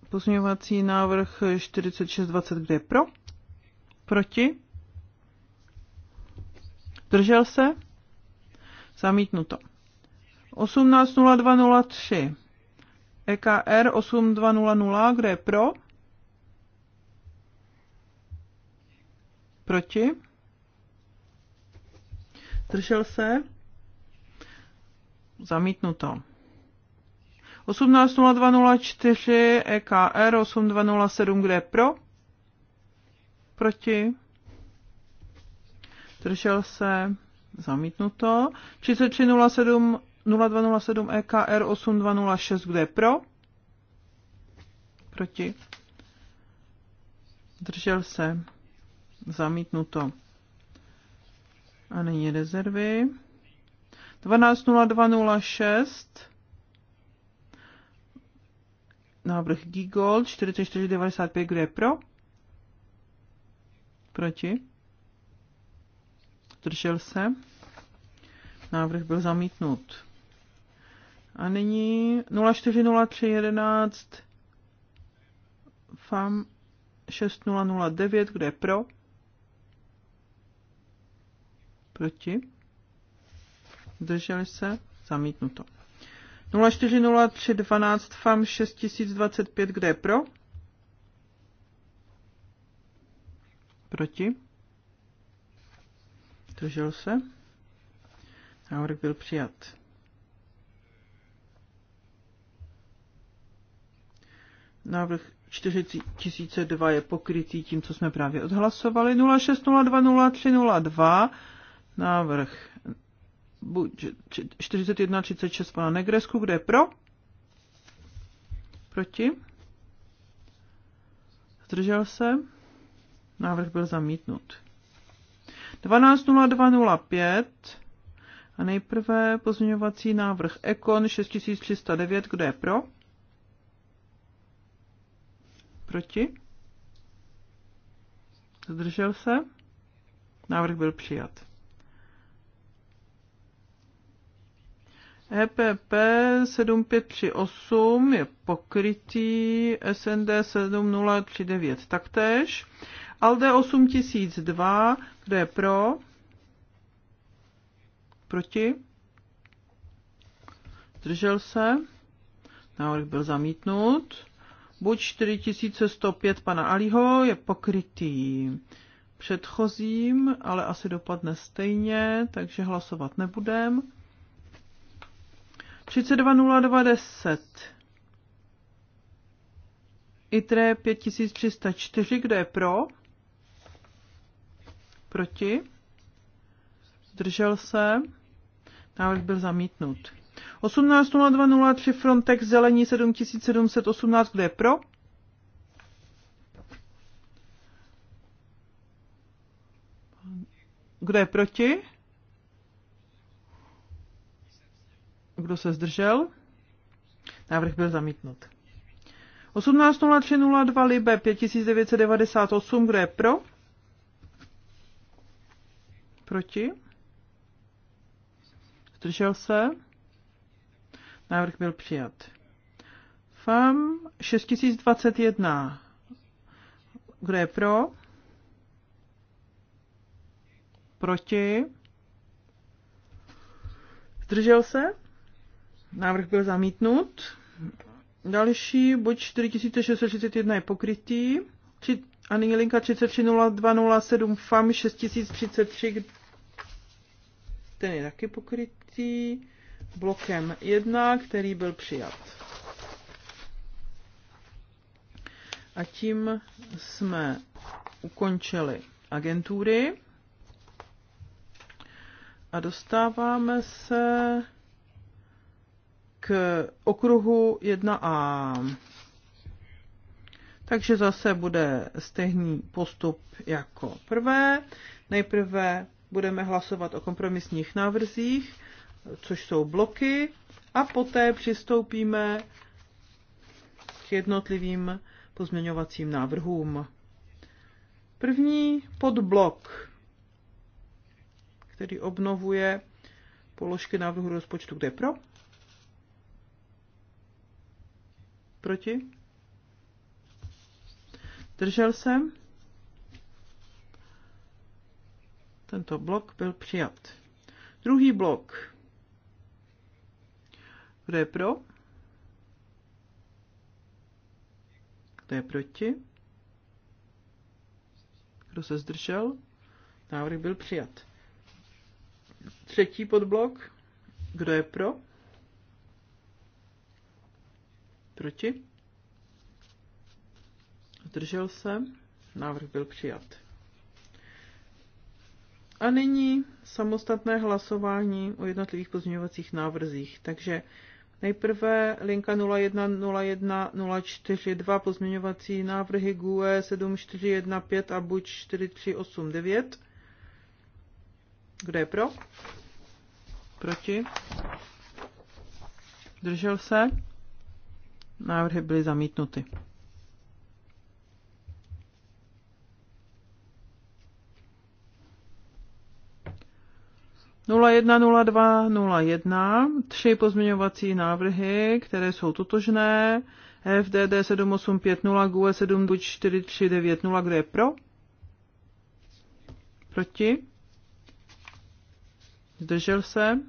Pozměňovací návrh 4620, kde je pro? Proti? Držel se? Zamítnuto. 18.02.03. EKR 8200, kde je pro? Proti? Držel se? Zamítnuto. 18.02.04 EKR 8207, kde je pro? Proti? Držel se? Zamítnuto. 3307 EKR 8206, kde je pro? Proti? Držel se. Zamítnuto. A nyní rezervy. 12.02.06. Návrh Gigol 44.95. Kdo je pro? Proti? Držel se. Návrh byl zamítnut. A nyní 040311 FAM 6009, kde je pro? Proti? Zdrželi se? Zamítnuto. 040312 FAM 6025, kde je pro? Proti? Držel se? Návrh byl přijat. Návrh 4002 je pokrytý tím, co jsme právě odhlasovali. 06020302 návrh buď 41.36 pana Negresku, kde je pro? Proti? Zdržel se? Návrh byl zamítnut. 12.02.05 a nejprve pozměňovací návrh Ekon 6309, kde je pro? Proti? Zdržel se? Návrh byl přijat. EPP 7538 je pokrytý, SND 7039 taktéž, ALDE 8002, kdo je pro? Proti? Držel se? Návrh byl zamítnut. Buď 4105 pana Aliho je pokrytý předchozím, ale asi dopadne stejně, takže hlasovat nebudem. 32.02.10. ITRE 5304, kdo je pro? Proti? Zdržel se? Návrh byl zamítnut. 18.02.03 Frontex Zelení 7718, kdo je pro? Kdo je proti? Kdo se zdržel? Návrh byl zamítnut. 18.03.02 Libe 5998, kdo je pro? Proti? Zdržel se? Návrh byl přijat. FAM 6021, kdo je pro? Proti? Zdržel se? Návrh byl zamítnut. Další, buď 4631 je pokrytý. Či, a nyní linka 330207 FAM 6033, ten je taky pokrytý blokem 1, který byl přijat. A tím jsme ukončili agentury a dostáváme se k okruhu 1A. Takže zase bude stejný postup jako prvé. Nejprve budeme hlasovat o kompromisních návrzích, což jsou bloky, a poté přistoupíme k jednotlivým pozměňovacím návrhům. První podblok, který obnovuje položky návrhu rozpočtu, kde pro, Proti? Držel jsem. Tento blok byl přijat. Druhý blok. Kdo je pro? Kdo je proti? Kdo se zdržel? Návrh byl přijat. Třetí podblok. Kdo je pro? Proti? Zdržel se? Návrh byl přijat. A nyní samostatné hlasování o jednotlivých pozměňovacích návrzích. Takže nejprve linka 0101042 pozměňovací návrhy GUE 7415 a buď 4389. Kdo je pro? Proti? Držel se? Návrhy byly zamítnuty. Nula jedna nula dva nula jedna tři pozměňovací návrhy, které jsou totožné, FDD 7850, GUE 74390, kde je pro? Proti? Zdržel se?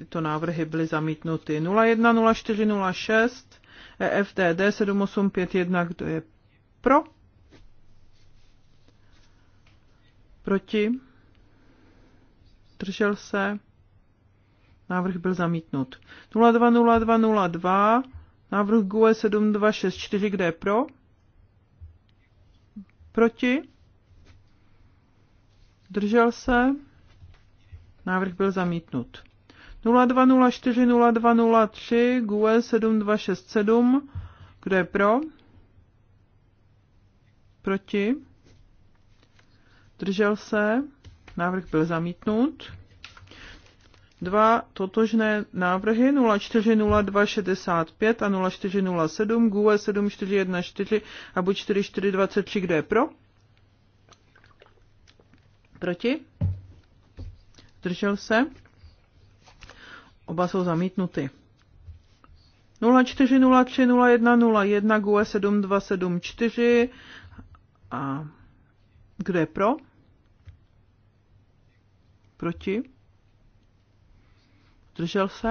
tyto návrhy byly zamítnuty. 010406 EFTD 7851, kdo je pro? Proti? Držel se? Návrh byl zamítnut. 020202, návrh GUE 7264, kde je pro? Proti? Držel se? Návrh byl zamítnut. 0204 0203 GUE 7267. Kdo je pro? Proti? Držel se? Návrh byl zamítnut. Dva totožné návrhy 040265 a 0407 GUE 7414 a buď 4423. Kdo je pro? Proti? Držel se? Oba jsou zamítnuty. 04030101 GUE 7274 a kdo je pro? Proti? Držel se?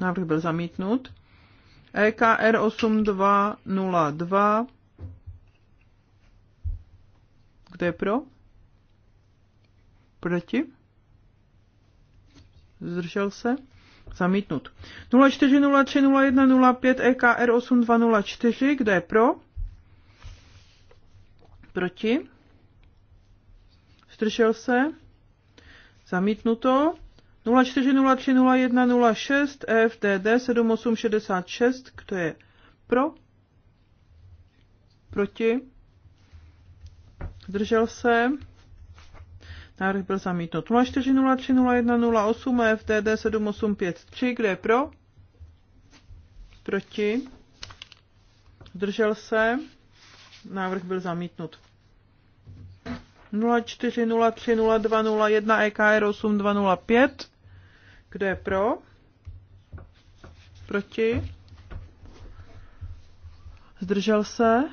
Návrh byl zamítnut. EKR 8202 Kdo je pro? Proti? zdržel se, zamítnut. 04030105 EKR 8204, kdo je pro? Proti? Zdržel se? Zamítnuto. 04030106 FDD 7866, kdo je pro? Proti? Zdržel se? Návrh byl zamítnut 04030108 a FTD 7853. Kdo je pro? Proti? Zdržel se? Návrh byl zamítnut. 04030201 EKR 8205. Kdo je pro? Proti? Zdržel se?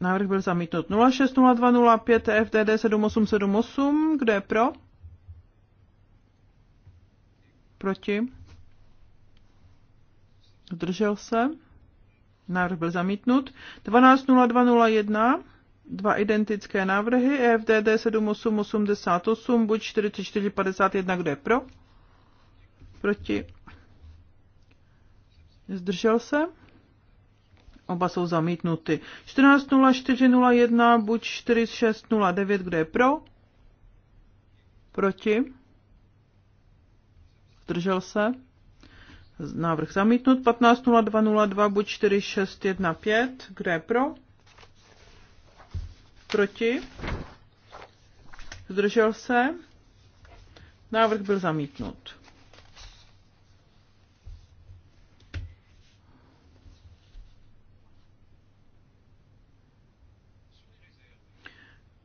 Návrh byl zamítnut. 060205 FDD 7878. Kdo je pro? Proti? Zdržel se? Návrh byl zamítnut. 120201. Dva identické návrhy. FDD 7888 buď 4451. Kdo je pro? Proti? Zdržel se? Oba jsou zamítnuty. 14.04.01 buď 46.09, kde je pro? Proti? Zdržel se? Návrh zamítnut. 15.02.02 buď 4615, kde je pro? Proti? Zdržel se? Návrh byl zamítnut.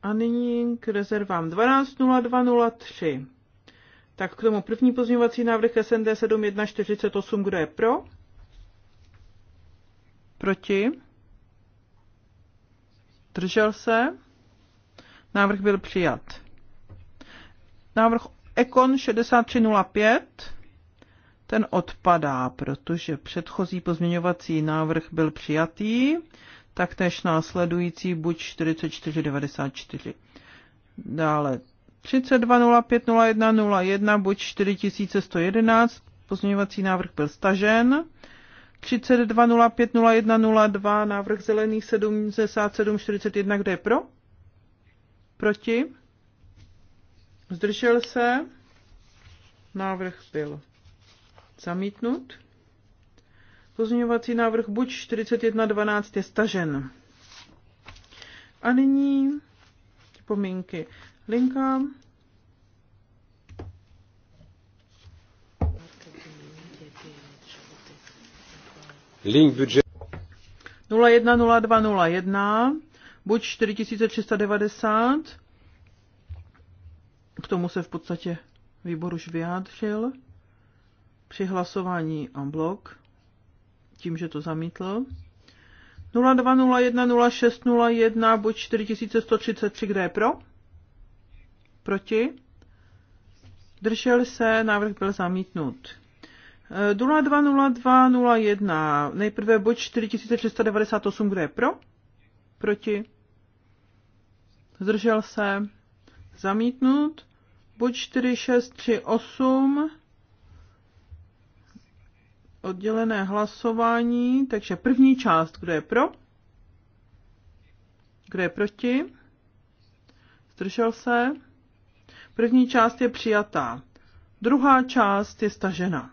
A nyní k rezervám 12.02.03. Tak k tomu první pozměňovací návrh SND 7148, kdo je pro? Proti? Držel se? Návrh byl přijat. Návrh Econ 6305, ten odpadá, protože předchozí pozměňovací návrh byl přijatý taktéž následující buď 4494. Dále 32050101 buď 4111, pozměňovací návrh byl stažen. 32050102, návrh zelený 7741, kde je pro? Proti? Zdržel se? Návrh byl zamítnut. Pozměňovací návrh buď 4112 je stažen. A nyní pomínky. Linka. Link budget 010201 buď 4390 k tomu se v podstatě výbor už vyjádřil při hlasování en bloc tím, že to zamítl. 0,2010601 buď 4133, kde je pro? Proti? Držel se, návrh byl zamítnut. 020201, nejprve buď 4698, kde je pro? Proti? Zdržel se? Zamítnut. Buď 4638, oddělené hlasování, takže první část, kdo je pro, kdo je proti, zdržel se, první část je přijatá, druhá část je stažena.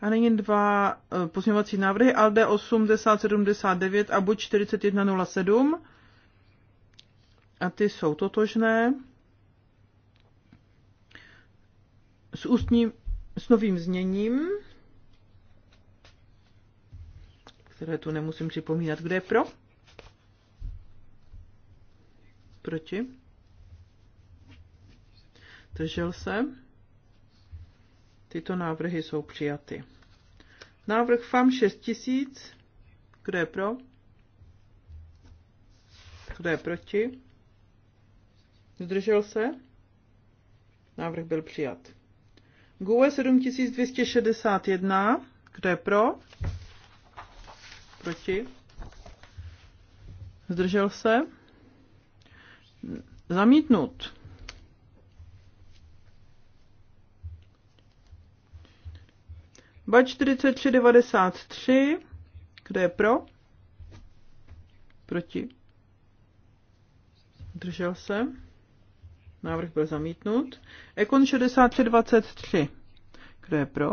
A nyní dva e, pozměňovací návrhy, ALD 8079 a buď 4107. A ty jsou totožné. s, ústním, s novým zněním, které tu nemusím připomínat, kde je pro. Proti. Držel se. Tyto návrhy jsou přijaty. Návrh FAM 6000. Kdo je pro? Kdo je proti? Zdržel se? Návrh byl přijat. GUE 7261, kdo je pro? Proti? Zdržel se? Zamítnut. Ba 4393, kdo je pro? Proti? Držel se. Návrh byl zamítnut. Ekon 6323. Kdo je pro?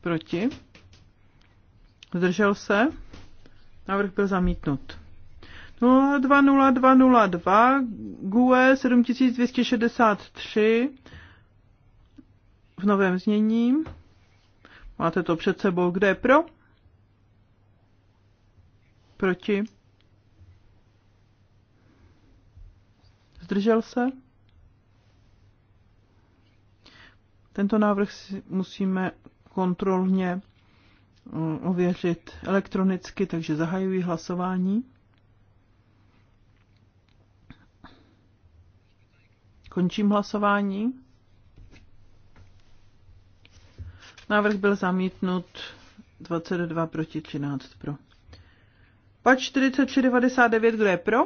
Proti? Zdržel se? Návrh byl zamítnut. 020202 GUE 7263 v novém znění. Máte to před sebou. Kde je pro? Proti? Zdržel se? Tento návrh si musíme kontrolně mm, ověřit elektronicky, takže zahajuji hlasování. Končím hlasování. Návrh byl zamítnut 22 proti 13 pro. Pač 4399, kdo je pro?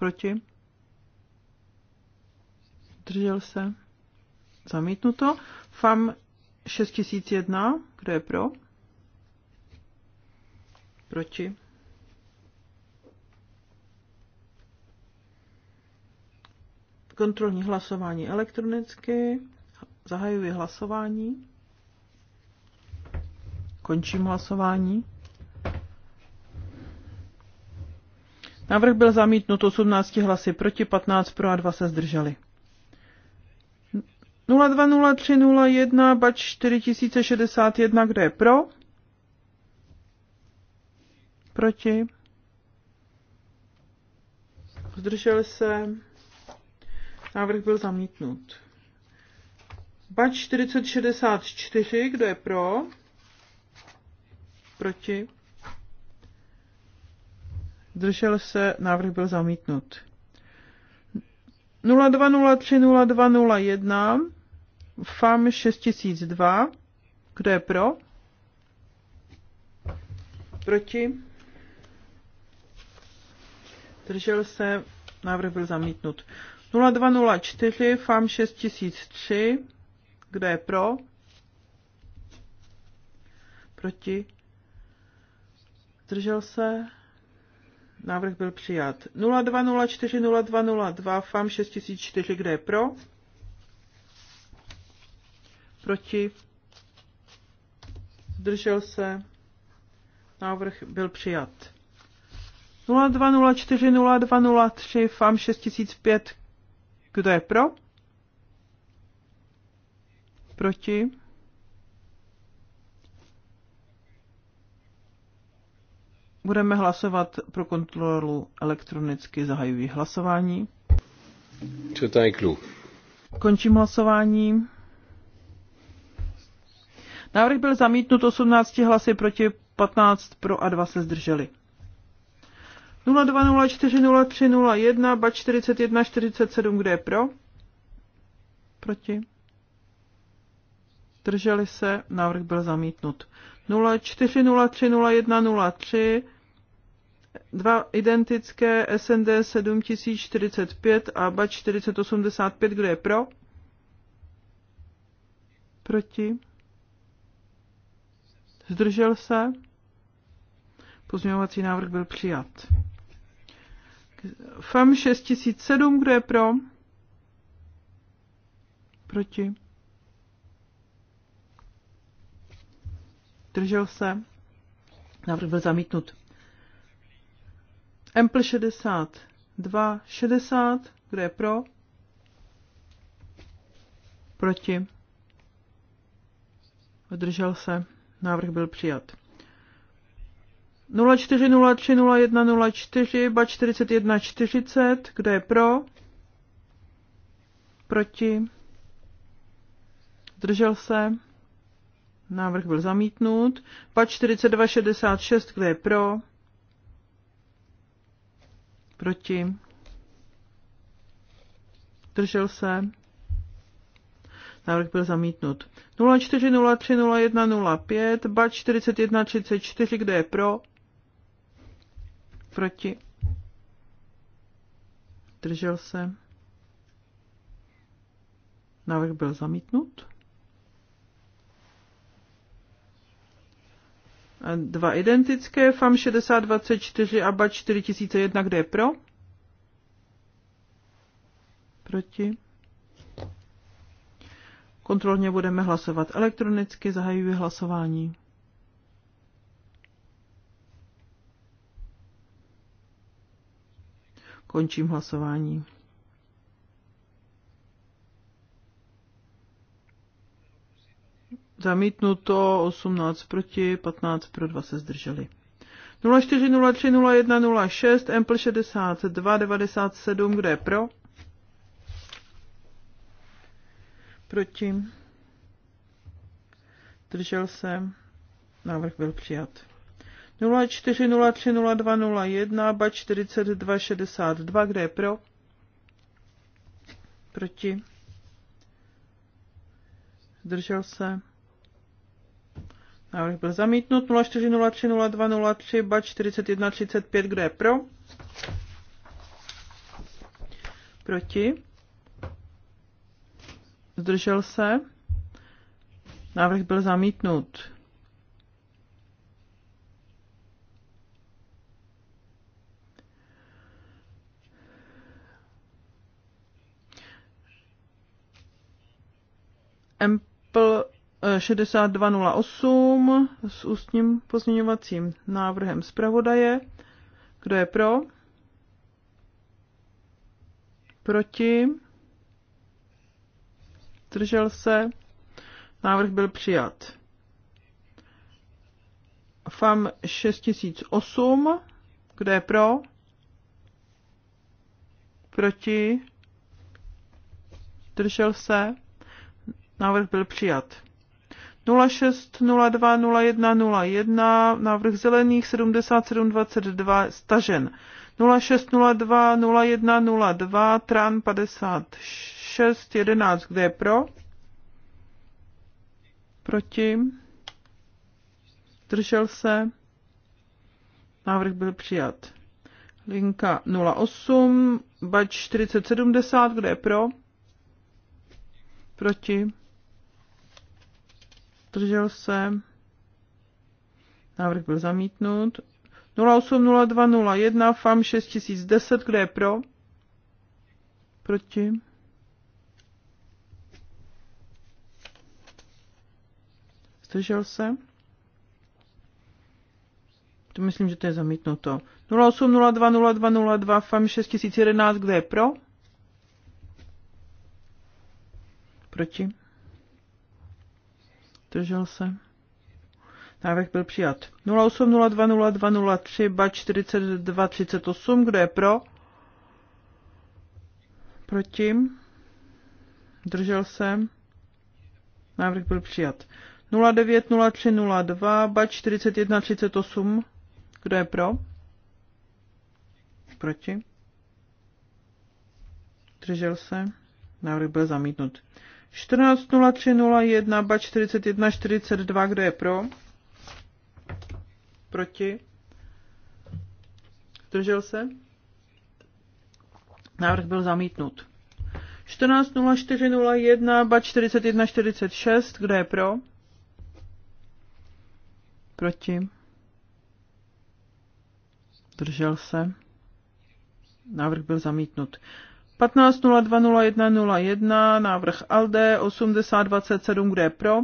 Proti? Držel se? Zamítnuto. FAM 6001. Kdo je pro? Proti? Kontrolní hlasování elektronicky. Zahajuji hlasování. Končím hlasování. Návrh byl zamítnut 18 hlasy proti, 15 pro a 2 se zdrželi. 020301 bač 4061, kdo je pro? Proti? Zdržel se. Návrh byl zamítnut. Bač 4064, kdo je pro? Proti? zdržel se, návrh byl zamítnut. 0203 0201 FAM 6002. Kdo je pro? Proti? Držel se, návrh byl zamítnut. 0204 FAM 6003. Kdo je pro? Proti? Držel se, Návrh byl přijat. 0204 0202 FAM 6004, kde je pro? Proti? Zdržel se? Návrh byl přijat. 0204 0203 FAM 6005, kdo je pro? Proti? Budeme hlasovat pro kontrolu elektronicky. zahajují hlasování. Četajklu. Končím hlasování. Návrh byl zamítnut 18 hlasy proti 15 pro a 2 se zdrželi. 02040301 ba 4147, kde je pro? Proti? Drželi se, návrh byl zamítnut. 04030103, dva identické SND 7045 a BAT 4085, kdo je pro? Proti? Zdržel se? Pozměňovací návrh byl přijat. FAM 6007, kdo je pro? Proti? Držel se. Návrh byl zamítnut. Empl 62, 60. Kdo je pro? Proti? Držel se. Návrh byl přijat. 0403 0104 ba 4140. Kdo je pro? Proti? Držel se. Návrh byl zamítnut. Pak 4266, kdo je pro? Proti? Držel se? Návrh byl zamítnut. 04030105, BAT 4134, kdo je pro? Proti? Držel se? Návrh byl zamítnut. dva identické, FAM 6024 a BAT 4001, kde je pro? Proti? Kontrolně budeme hlasovat elektronicky, zahajuji hlasování. Končím hlasování. Zamítnuto 18 proti, 15 pro 2 se zdrželi. 04030106 MPL 62 97, kdo je pro? Proti. Držel se. Návrh byl přijat. 04030201 BA 4262, kde je pro? Proti. Držel se. Návrh byl zamítnut. 0403 0203 BA 41-35. Kdo je pro? Proti? Zdržel se? Návrh byl zamítnut. Ample 6208 s ústním pozměňovacím návrhem zpravodaje. Kdo je pro? Proti? Držel se? Návrh byl přijat. FAM 6008. Kdo je pro? Proti? Držel se? Návrh byl přijat. 06020101, návrh zelených 7722, stažen. 06020102, tran 5611, kde je pro? Proti? Držel se? Návrh byl přijat. Linka 08, bač 4070, kde je pro? Proti? zdržel se, návrh byl zamítnut. 080201 FAM 6010, kde je pro? Proti? Zdržel se? To myslím, že to je zamítnuto. 08020202 FAM 6011, kde je pro? Proti? Držel se. Návrh byl přijat. 08020203 ba 4238. Kdo je pro? Proti? Držel se. Návrh byl přijat. 090302 ba 4138. Kdo je pro? Proti? Držel se. Návrh byl zamítnut. 14.03.01, ba 41, 42, kdo je pro? Proti? Zdržel se? Návrh byl zamítnut. 14.04.01, ba 41, 46, kdo je pro? Proti? Zdržel se? Návrh byl zamítnut. 15.02.01.01, návrh ALDE 8027, kde je pro?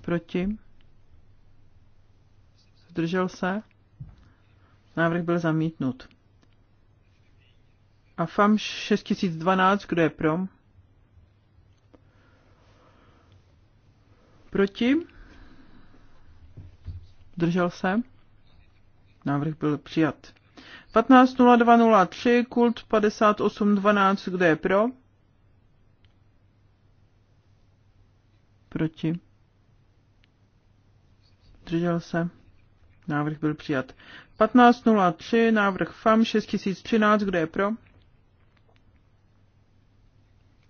Proti? Zdržel se? Návrh byl zamítnut. A FAM 6012, kdo je pro? Proti? Držel se? Návrh byl přijat. 15.02.03, kult 58.12, kdo je pro? Proti. Držel se. Návrh byl přijat. 15.03, návrh FAM 6013, kdo je pro?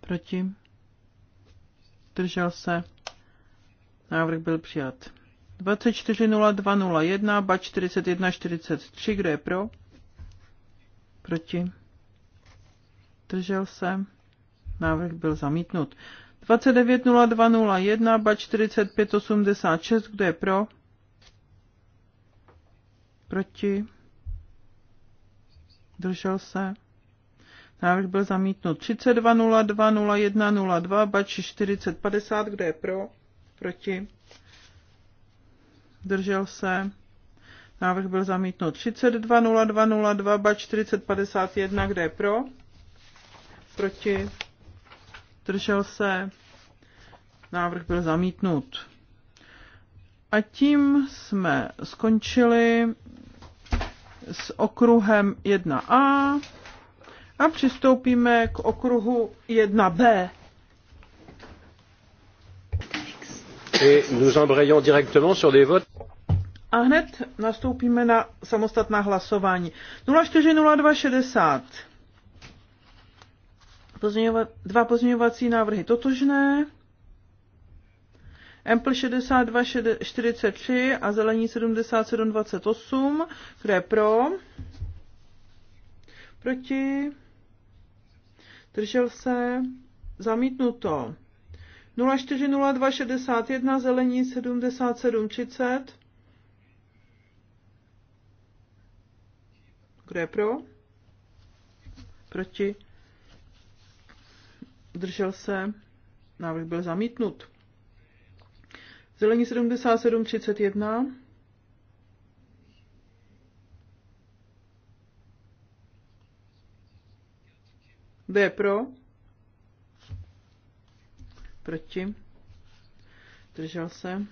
Proti. Držel se. Návrh byl přijat. 24.02.01, BAT 41.43, kdo je pro? Proti? Držel se? Návrh byl zamítnut. 290201 ba 4586, kdo je pro? Proti? Držel se? Návrh byl zamítnut. 32020102 bači 4050, kdo je pro? Proti? Držel se? Návrh byl zamítnut 320202 ba 4051, kde je pro? Proti? Držel se? Návrh byl zamítnut. A tím jsme skončili s okruhem 1a a přistoupíme k okruhu 1b. Et nous embrayons directement sur des votes. A hned nastoupíme na samostatná hlasování. 040260. Pozměňova, dva pozměňovací návrhy totožné. Empl 6243 a zelení 7728. Kdo je pro? Proti? Držel se? Zamítnuto. 040261 zelení 7730. Kdo je pro? Proti? Držel se? Návrh byl zamítnut. Zelení 7731. Kdo je pro? Proti? Držel se?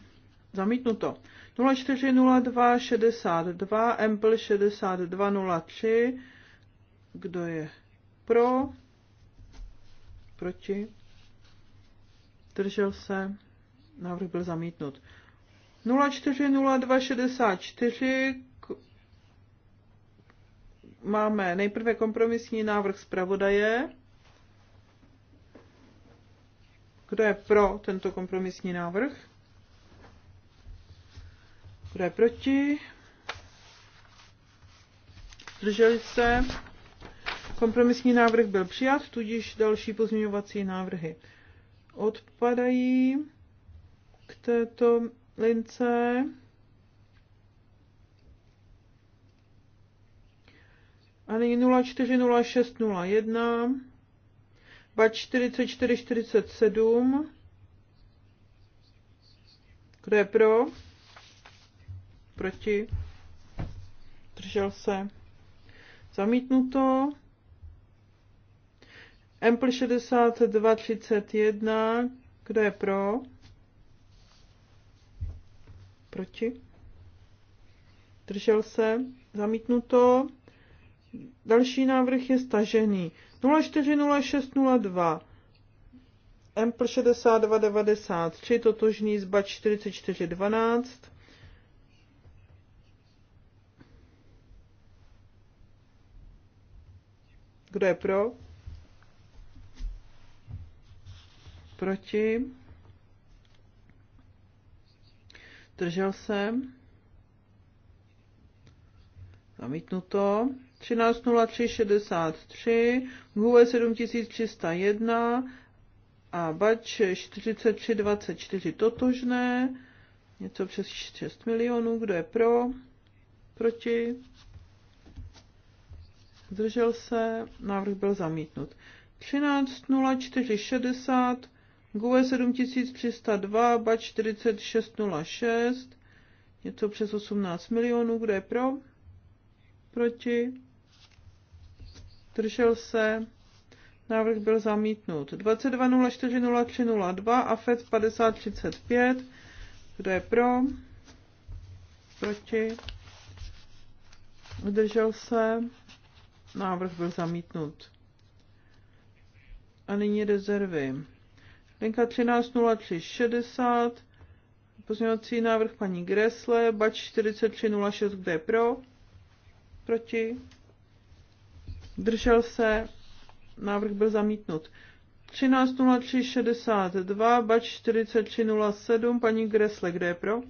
Zamítnuto. 04.02.62, 62, Empl 6203. Kdo je pro? Proti? Držel se? Návrh byl zamítnut. 0402 Máme nejprve kompromisní návrh zpravodaje. Kdo je pro tento kompromisní návrh? Kdo je proti? Zdrželi se? Kompromisní návrh byl přijat, tudíž další pozměňovací návrhy odpadají k této lince. A nyní 040601, ba 4447. Kdo je pro? proti, držel se, zamítnuto. Ample 6231, kdo je pro? Proti? Držel se? Zamítnuto? Další návrh je stažený. 040602. Ample 6293, totožný z BAT 4412. Kdo je pro? Proti? Držel jsem. Zamítnuto. 13.03.63, Google 7301 a Bač 4324 totožné, něco přes 6 milionů, kdo je pro, proti, zdržel se, návrh byl zamítnut. 13.04.60, GUE 7302, BAT 4606, něco přes 18 milionů, kde je pro, proti, zdržel se, návrh byl zamítnut. 22.04.03.02 a FED 5035, kdo je pro, proti, zdržel se, Návrh byl zamítnut. A nyní rezervy. Linka 13.03.60, pozměňovací návrh paní Gresle, bač 43.06, kde je pro, proti, držel se, návrh byl zamítnut. 13.03.62, bač 43.07, paní Gresle, kde je pro,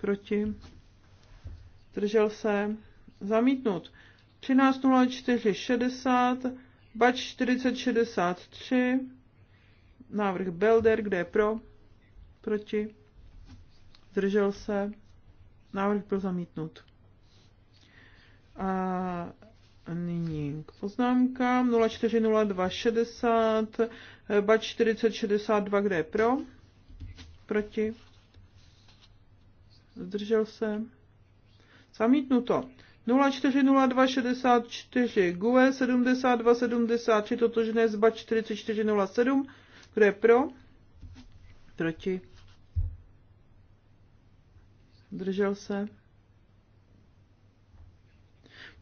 proti, držel se, zamítnut. 13.04.60, bač 4063, návrh Belder, kde je pro, proti, zdržel se, návrh byl zamítnut. A nyní k poznámkám 040260, bač 4062, kde je pro, proti, zdržel se, zamítnuto. 040264 GUE 7273 totožné zba 4407. Kdo je pro? Proti. Držel se.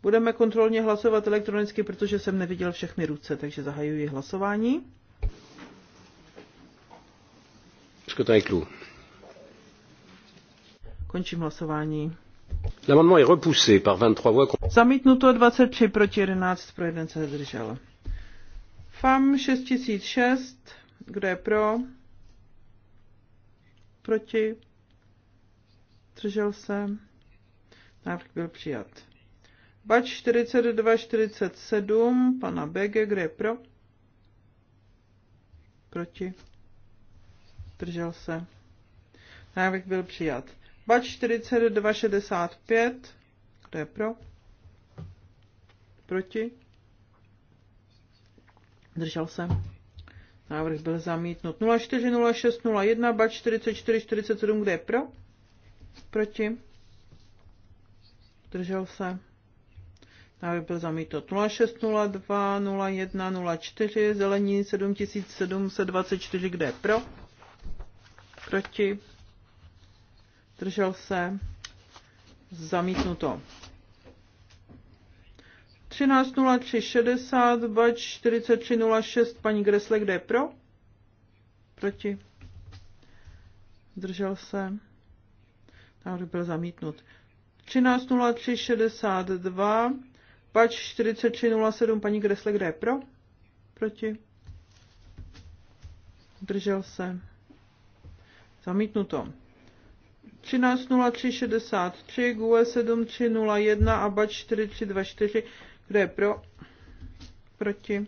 Budeme kontrolně hlasovat elektronicky, protože jsem neviděl všechny ruce, takže zahajuji hlasování. Končím hlasování. L'amendement est repoussé par 23 voix. Zamítnuto 23 proti 11, pro 1 se zdržel. FAM 6006, kdo je pro? Proti? zdržel se? Návrh byl přijat. Bač 4247, pana BG, kdo je pro? Proti? zdržel se? Návrh byl přijat. Bač 4265. Kdo je pro? Proti? Držel se. Návrh byl zamítnut. 040601, bač 4447, kde je pro? Proti? Držel se. Návrh byl zamítnut. 0602, 01, 04, zelení 7724, kde je pro? Proti? zdržel se, zamítnuto. 13.03.60, bač 43.06, paní Gresle, kde je pro? Proti. Zdržel se. Návrh byl zamítnut. 13.03.62, pač 43.07, paní Gresle, kde je pro? Proti. Zdržel se. Zamítnuto. 13.03.63, GUE 7301 a BAT 4324. Kdo je pro? Proti?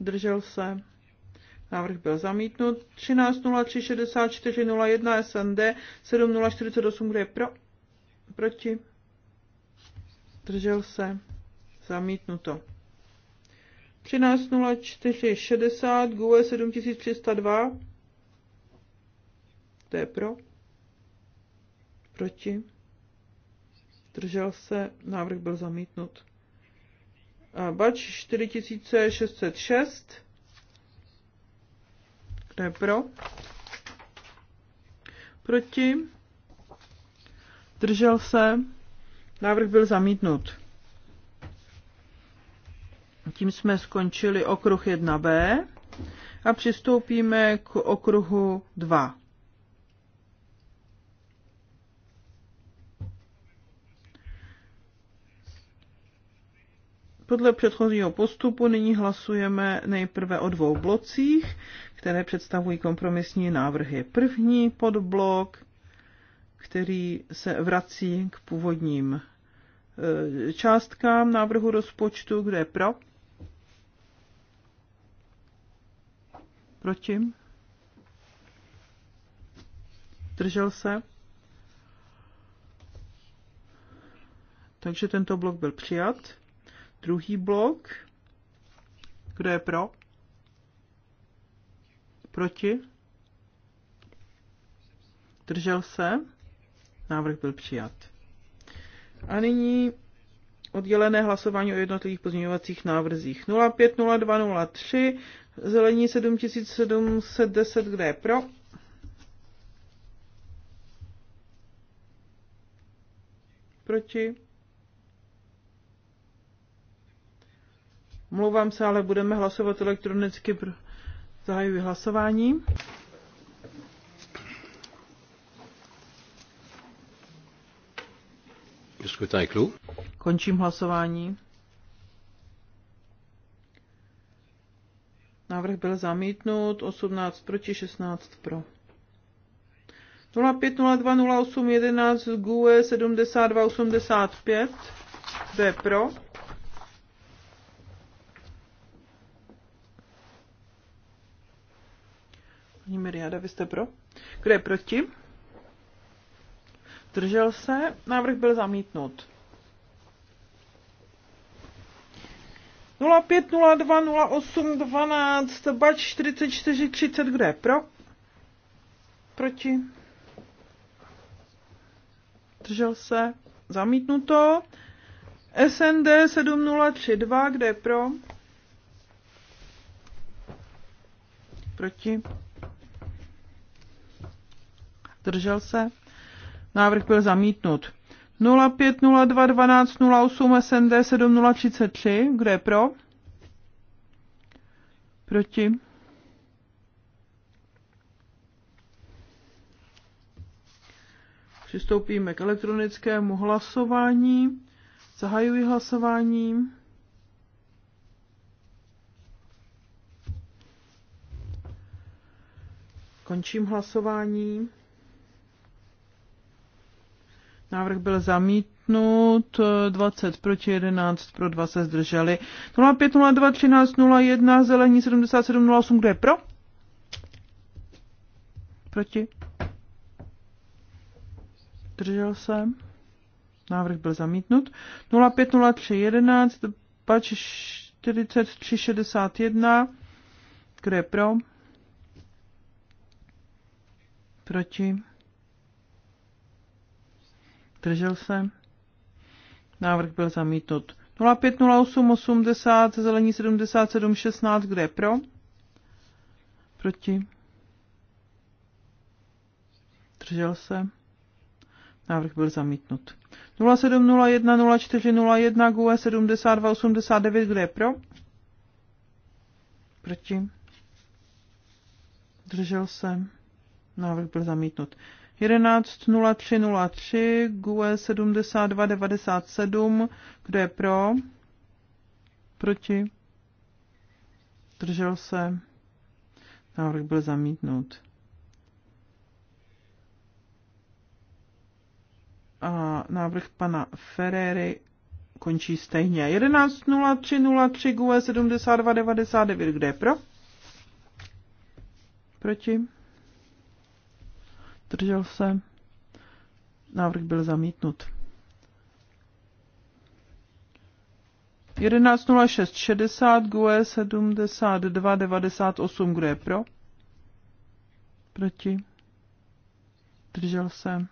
Držel se? Návrh byl zamítnut. 13.03.64.01 SND 7048. Kdo je pro? Proti? Držel se? Zamítnuto. 13.04.60 GUE 7302 to je pro? Proti? Držel se, návrh byl zamítnut. A bač 4606. Kdo je pro? Proti? Držel se, návrh byl zamítnut. Tím jsme skončili okruh 1b a přistoupíme k okruhu 2. Podle předchozího postupu nyní hlasujeme nejprve o dvou blocích, které představují kompromisní návrhy. První podblok, který se vrací k původním e, částkám návrhu rozpočtu, kde je pro, proti, držel se. Takže tento blok byl přijat. Druhý blok. Kdo je pro? Proti? Držel se? Návrh byl přijat. A nyní oddělené hlasování o jednotlivých pozměňovacích návrzích. 050203, zelení 7710, kde je pro? Proti? Omlouvám se, ale budeme hlasovat elektronicky. Zahajuji hlasování. Končím hlasování. Návrh byl zamítnut, 18 proti, 16 pro. 0502 08 11 GUE 7285, kdo je pro? Paní Miriada, vy jste pro? Kdo je proti? Držel se, návrh byl zamítnut. 05020812 bač 4430, kdo je pro? Proti? Držel se, zamítnuto. SND 7032, kde je pro? Proti? zdržel se. Návrh byl zamítnut. 0502 SND 7033, kdo je pro? Proti? Přistoupíme k elektronickému hlasování. Zahajuji hlasování. Končím hlasování. Návrh byl zamítnut, 20 proti 11, pro 2 se zdrželi. 0502 1301, zelení 7708, kdo je pro? Proti? Zdržel se. Návrh byl zamítnut. 0503 11, pač 43 61, kdo je pro? Proti? Držel se. Návrh byl zamítnut. 0508 80, zelení 77 16, kde je pro? Proti? Držel se. Návrh byl zamítnut. 0701 0401 GUE 7289, kde je pro? Proti? Držel se. Návrh byl zamítnut. 11.03.03, GUE 72.97, kdo je pro? Proti? Držel se? Návrh byl zamítnut. A návrh pana Ferrery končí stejně. 11.03.03, GUE 72.99, Kdo je pro? Proti? zdržel se, návrh byl zamítnut. 11.06.60 GUE 72, 98, kdo je pro? Proti? Držel se.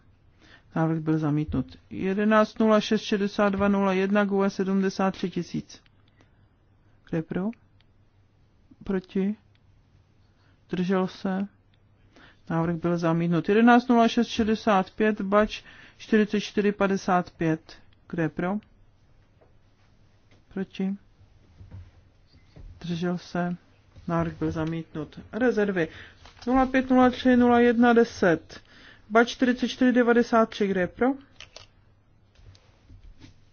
Návrh byl zamítnut. 11.06.62.01 01, GUE 73 Kdo je pro? Proti? Držel se. Návrh byl zamítnut. 11.06.65, bač 44.55. Kde je pro? Proti? Držel se. Návrh byl zamítnut. Rezervy 05030110. Bač 4493, kde je pro?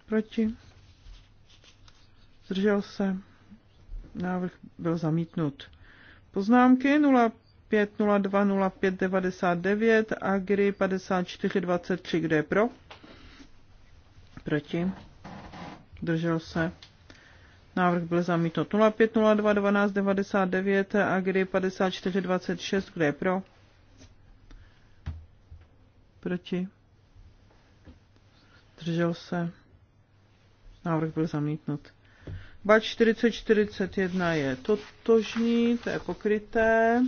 Proti? Zdržel se. Návrh byl zamítnut. Poznámky 502 5020599 a 54-23, kde je pro? Proti? Držel se. Návrh byl zamítnut 0502 1299 a 54-26, kde je pro? Proti? Držel se. Návrh byl zamítnut. Bač 4041 je totožný, to je pokryté.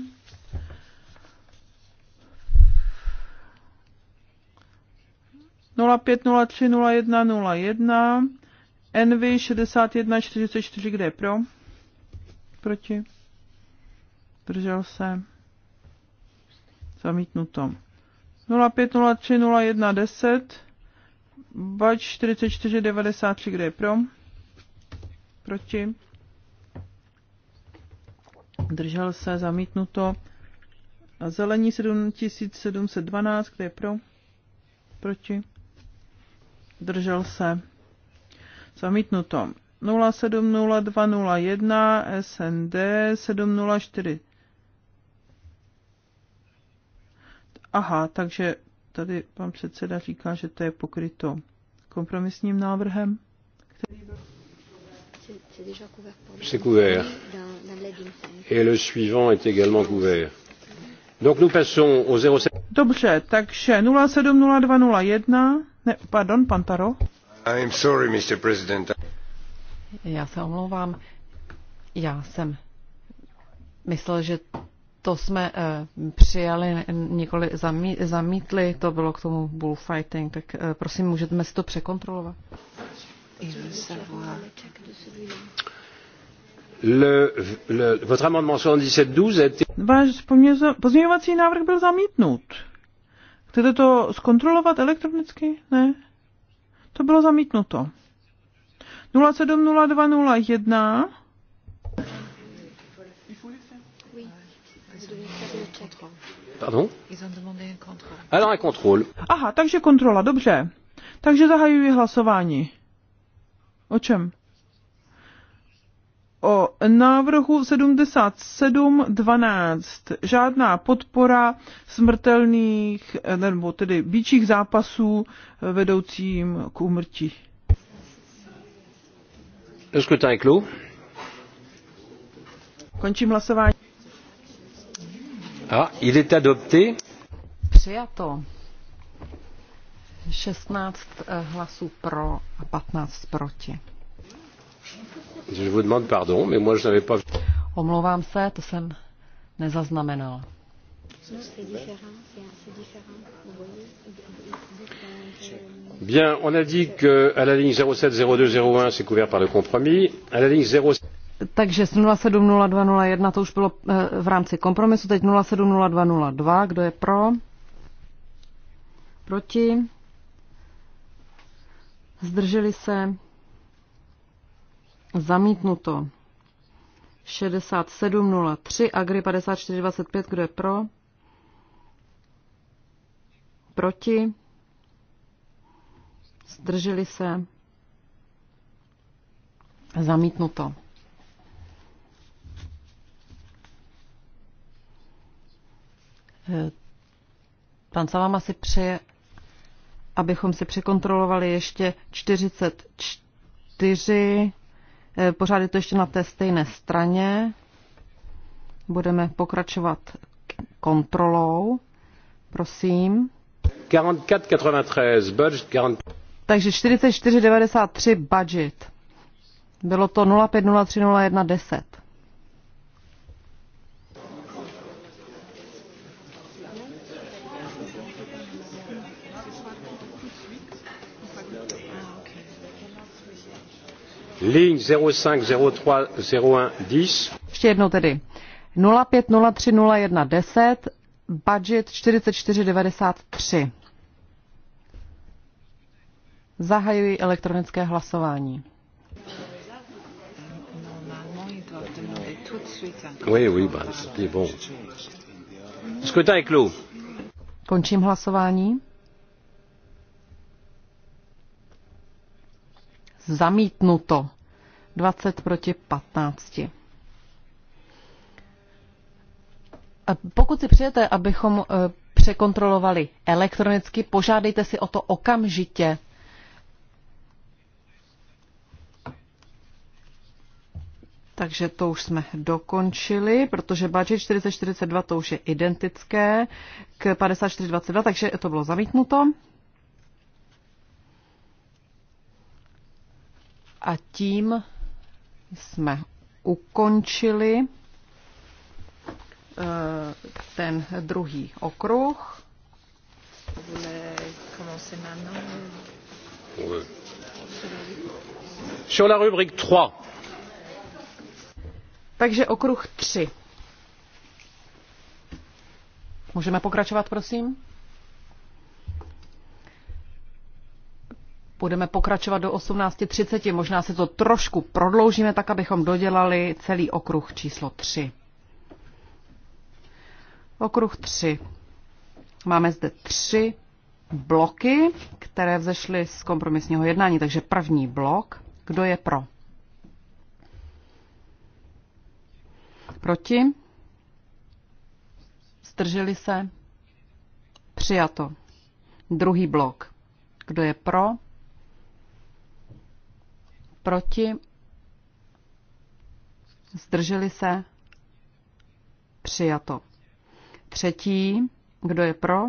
0503 NV 6144, kde je pro? Proti? Držel se? Zamítnuto. 0503 0110 Bač 4493, kde je pro? Proti? Držel se? Zamítnuto. A zelení 7712, kde je pro? Proti? zdržel se, zamítnuto. 070201 SND 704. Aha, takže tady pan předseda říká, že to je pokryto kompromisním návrhem, který C'est couvert. Et le suivant est également couvert. Donc nous passons au 07. Dobře, takže 070201 ne, pardon, pan Taro. I'm sorry, Mr. President. Já se omlouvám. Já jsem myslel, že to jsme uh, přijali, nikoli zamí, zamítli, to bylo k tomu bullfighting, tak uh, prosím, můžeme si to překontrolovat. Le, le, votre amendement 77-12 était... Váš pozměňovací návrh byl zamítnut. Chcete to zkontrolovat elektronicky? Ne. To bylo zamítnuto. 070201. Pardon Alors un contrôle. Aha, takže kontrola, dobře. Takže zahajuji hlasování. O čem? o návrhu 77.12. Žádná podpora smrtelných, nebo tedy bíčích zápasů vedoucím k úmrtí. Končím hlasování. A, ah, il est adopté. Přijato. 16 eh, hlasů pro a 15 proti. Je vous demande pardon, mais moi je n'avais pas... Omlouvám se, to jsem nezaznamenal. Bien, on a dit que à la ligne 070201, c'est couvert par le compromis. À la ligne 0... Takže 070201 to už bylo eh, v rámci kompromisu, teď 070202, kdo je pro? Proti? Zdrželi se? Zamítnuto. 6703, Agri 5425, kdo je pro? Proti? Zdrželi se? Zamítnuto. Eh, pan Salama asi přeje, abychom si překontrolovali ještě 44 Pořád je to ještě na té stejné straně. Budeme pokračovat kontrolou. Prosím. 44,93 budget 40... Takže 44,93 budget. Bylo to 05030110. lignes zéro zéro zéro cinq trois un dix. Ještě jednou tedy. 05030110, budget 4493. Zahajuji elektronické hlasování. Oui, oui, bah, c'était bon. Scrutin est clos. Končím hlasování. Zamítnuto. 20 proti 15. pokud si přejete, abychom e, překontrolovali elektronicky, požádejte si o to okamžitě. Takže to už jsme dokončili, protože budget 4042 to už je identické k 5422, takže to bylo zamítnuto. A tím jsme ukončili eh, ten druhý okruh. Sur la rubrique 3. Takže okruh 3. Můžeme pokračovat, prosím? Budeme pokračovat do 18.30, možná se to trošku prodloužíme, tak abychom dodělali celý okruh číslo 3. Okruh 3. Máme zde tři bloky, které vzešly z kompromisního jednání. Takže první blok, kdo je pro? Proti? Zdrželi se? Přijato. Druhý blok. Kdo je pro? Proti? Zdrželi se? Přijato. Třetí. Kdo je pro?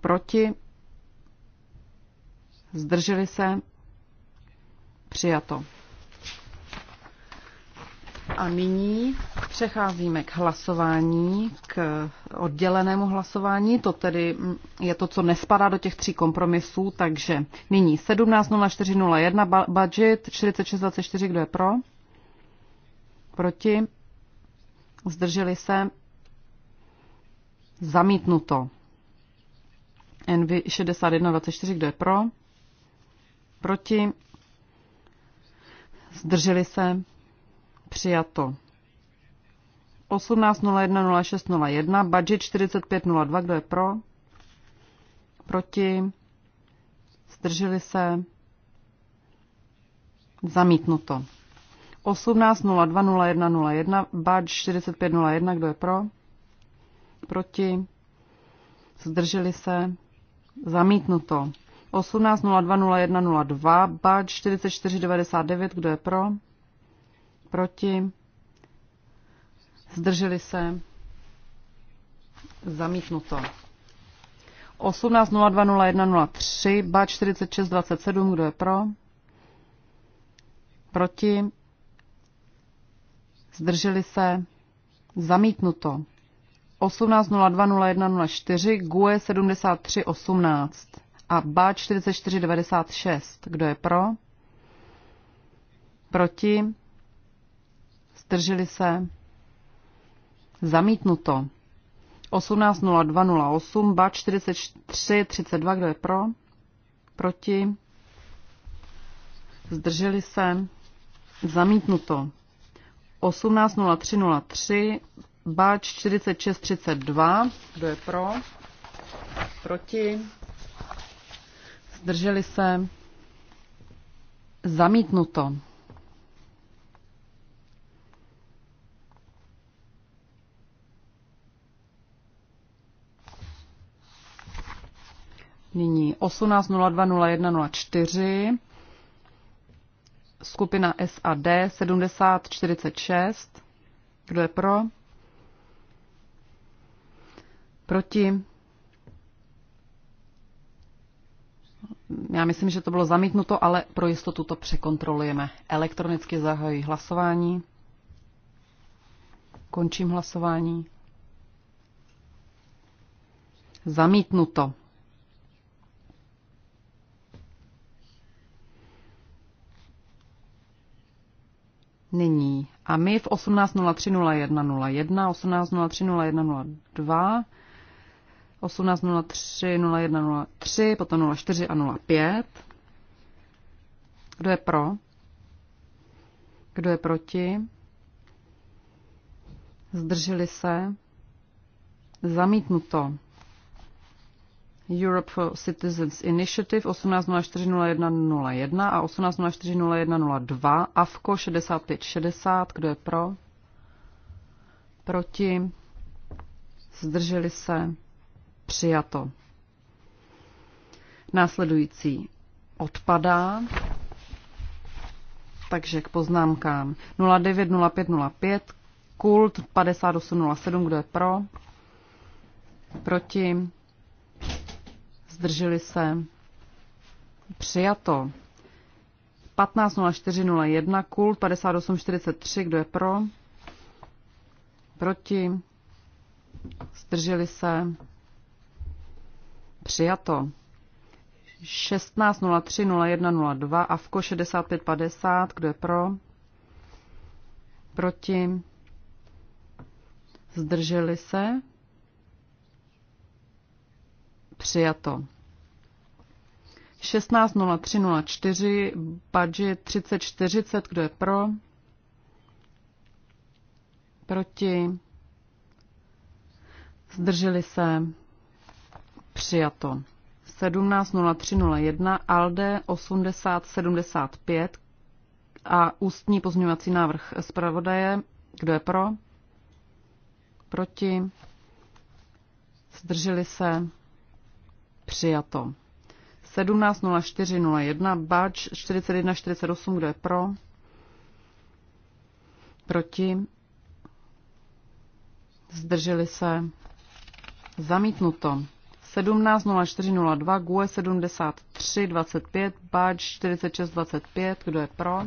Proti? Zdrželi se? Přijato. A nyní Přecházíme k hlasování, k oddělenému hlasování. To tedy je to, co nespadá do těch tří kompromisů, takže nyní 17.04.01 budget, 46.24, kdo je pro? Proti? Zdrželi se? Zamítnuto. NV 61.24, kdo je pro? Proti? Zdrželi se? Přijato. 18.01.06.01, budget 45.02, kdo je pro? Proti? Zdrželi se? Zamítnuto. 18.02.01.01, budget 45.01, kdo je pro? Proti? Zdrželi se? Zamítnuto. 18.02.01.02, budget 44.99, kdo je pro? Proti? zdrželi se, zamítnuto. 18.02.01.03, BA 46.27, kdo je pro? Proti? Zdrželi se? Zamítnuto. 18.02.01.04, GUE 73.18 a BA 44.96, kdo je pro? Proti? Zdrželi se? Zamítnuto. 18.02.08, bač 43.32, kdo je pro? Proti? Zdrželi se? Zamítnuto. 18.03.03, bač 46.32, kdo je pro? Proti? Zdrželi se? Zamítnuto. Nyní 18.02.01.04, skupina SAD 7046. Kdo je pro? Proti? Já myslím, že to bylo zamítnuto, ale pro jistotu to překontrolujeme. Elektronicky zahajuji hlasování. Končím hlasování. Zamítnuto. nyní. A my v 18.03.01.01, 18.03.01.02, 18.03.01.03, potom 04 a 05. Kdo je pro? Kdo je proti? Zdrželi se? Zamítnuto. Europe for Citizens Initiative 18040101 a 18040102 AFKO 6560. Kdo je pro? Proti? Zdrželi se? Přijato. Následující odpadá. Takže k poznámkám 090505, kult 5807, kdo je pro? Proti? zdrželi se, přijato. 15.04.01, kult 58.43, kdo je pro, proti, zdrželi se, přijato. 16.03.01.02, AFKO 65.50, kdo je pro, proti, zdrželi se, Přijato. 16.03.04, budget 3040, kdo je pro? Proti? Zdrželi se? Přijato. 17.03.01, ALDE 8075 a ústní pozměňovací návrh zpravodaje. Kdo je pro? Proti? Zdrželi se? Přijato. 17.04.01, Bač 41.48, kdo je pro? Proti? Zdrželi se? Zamítnuto. 17.04.02, GUE 73.25, Bač 46.25, kdo je pro?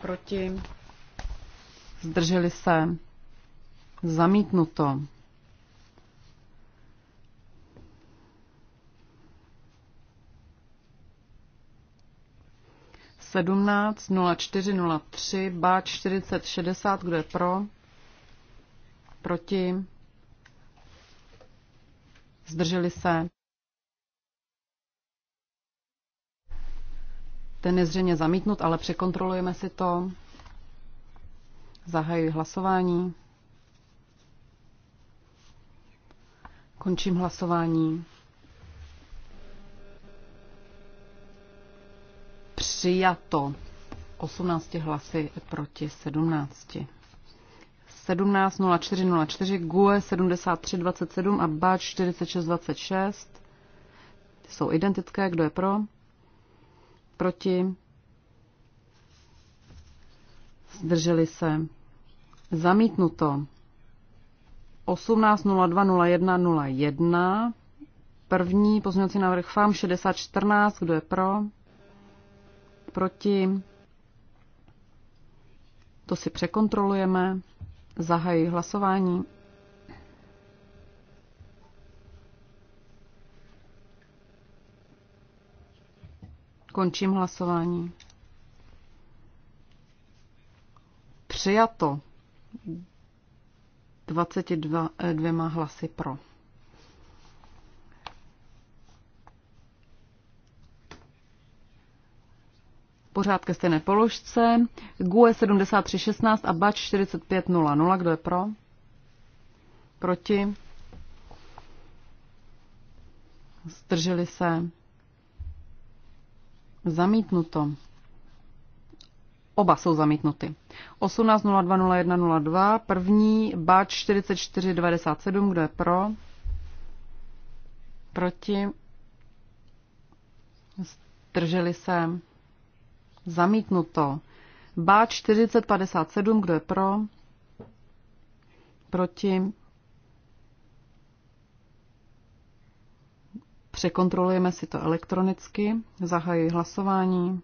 Proti? Zdrželi se? Zamítnuto. 17 0403 BA 4060, kdo je pro? Proti? Zdrželi se? Ten je zřejmě zamítnut, ale překontrolujeme si to. Zahajuji hlasování. Končím hlasování. přijato 18 hlasy proti 17. 17.04.04, GUE 73.27 a BAČ 46.26 jsou identické. Kdo je pro? Proti? Zdrželi se. Zamítnuto. 18.02.01.01. První pozměňovací návrh FAM 6014. Kdo je pro? proti. To si překontrolujeme. Zahají hlasování. Končím hlasování. Přijato 22 eh, dvěma hlasy pro. pořád ke stejné položce. GUE 7316 a BAČ 4500. Kdo je pro? Proti? Zdrželi se? Zamítnuto. Oba jsou zamítnuty. 18.02.01.02, první, BAČ 44.97, kdo je pro? Proti? Zdrželi se? Zamítnuto. Báč 4057, kdo je pro? Proti? Překontrolujeme si to elektronicky. Zahajuji hlasování.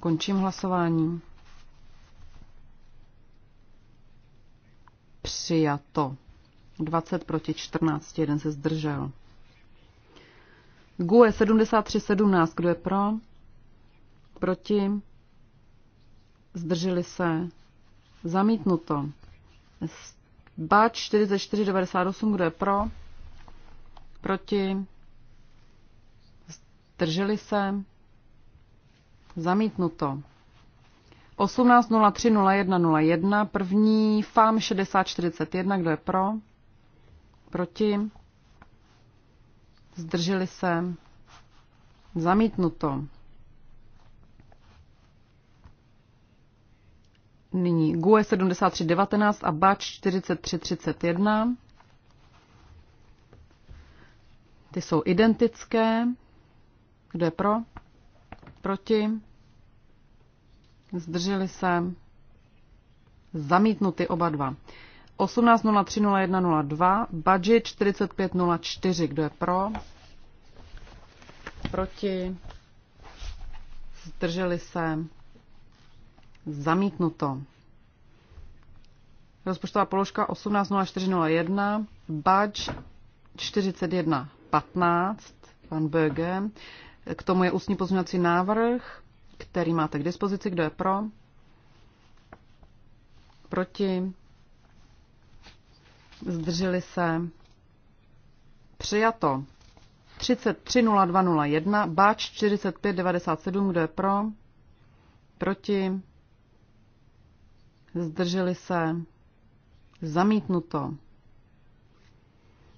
Končím hlasování. Přijato. 20 proti 14, jeden se zdržel. GUE 7317, kdo je pro? Proti? Zdrželi se? Zamítnuto. Bač 4498, kdo je pro? Proti? Zdrželi se? Zamítnuto. 18.03.01.01, první FAM 6041, kdo je pro? Proti? zdrželi se, zamítnuto. Nyní GUE 73.19 a BAČ 43.31. Ty jsou identické. Kdo je pro? Proti? Zdrželi se? Zamítnuty oba dva. 18.03.01.02, budget 45.04. Kdo je pro? Proti? Zdrželi se? Zamítnuto. Rozpočtová položka 18.04.01, budge 41.15, pan Böge. K tomu je ústní pozměňovací návrh, který máte k dispozici. Kdo je pro? Proti? zdrželi se, přijato 330201, báč 4597, kdo je pro, proti, zdrželi se, zamítnuto.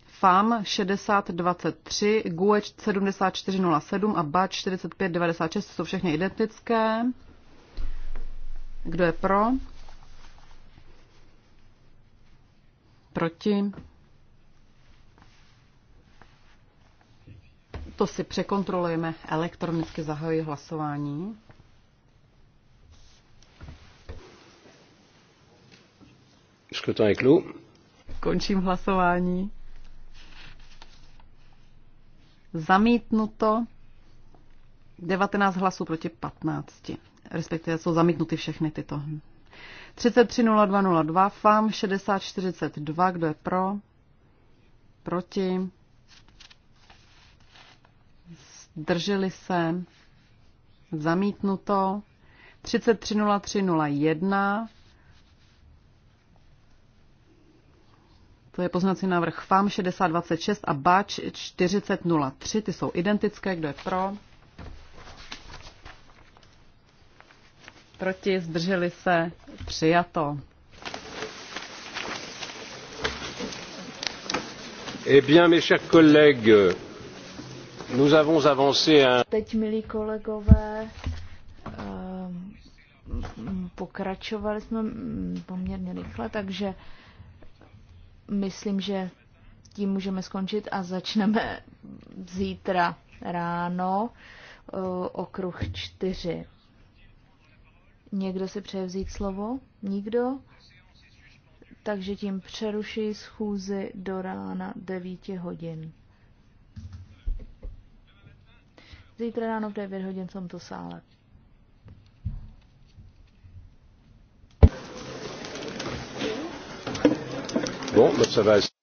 FAM 6023, GUE 7407 a BAČ 4596 jsou všechny identické. Kdo je pro? proti. To si překontrolujeme elektronicky zahojí hlasování. Končím hlasování. Zamítnuto 19 hlasů proti 15. Respektive jsou zamítnuty všechny tyto 330202 FAM 6042, kdo je pro? Proti? Zdrželi se? Zamítnuto? 330301 To je poznací návrh FAM 6026 a BAČ 4003, ty jsou identické, kdo je pro? proti, zdrželi se, přijato. Eh bien, mes chers collègues, nous avons avancé un... Teď, milí kolegové, eh, pokračovali jsme mm, poměrně rychle, takže myslím, že tím můžeme skončit a začneme zítra ráno eh, okruh čtyři. Někdo si přeje vzít slovo? Nikdo? Takže tím přeruší schůzi do rána 9 hodin. Zítra ráno v 9 hodin v tomto sále. Bon, ça va.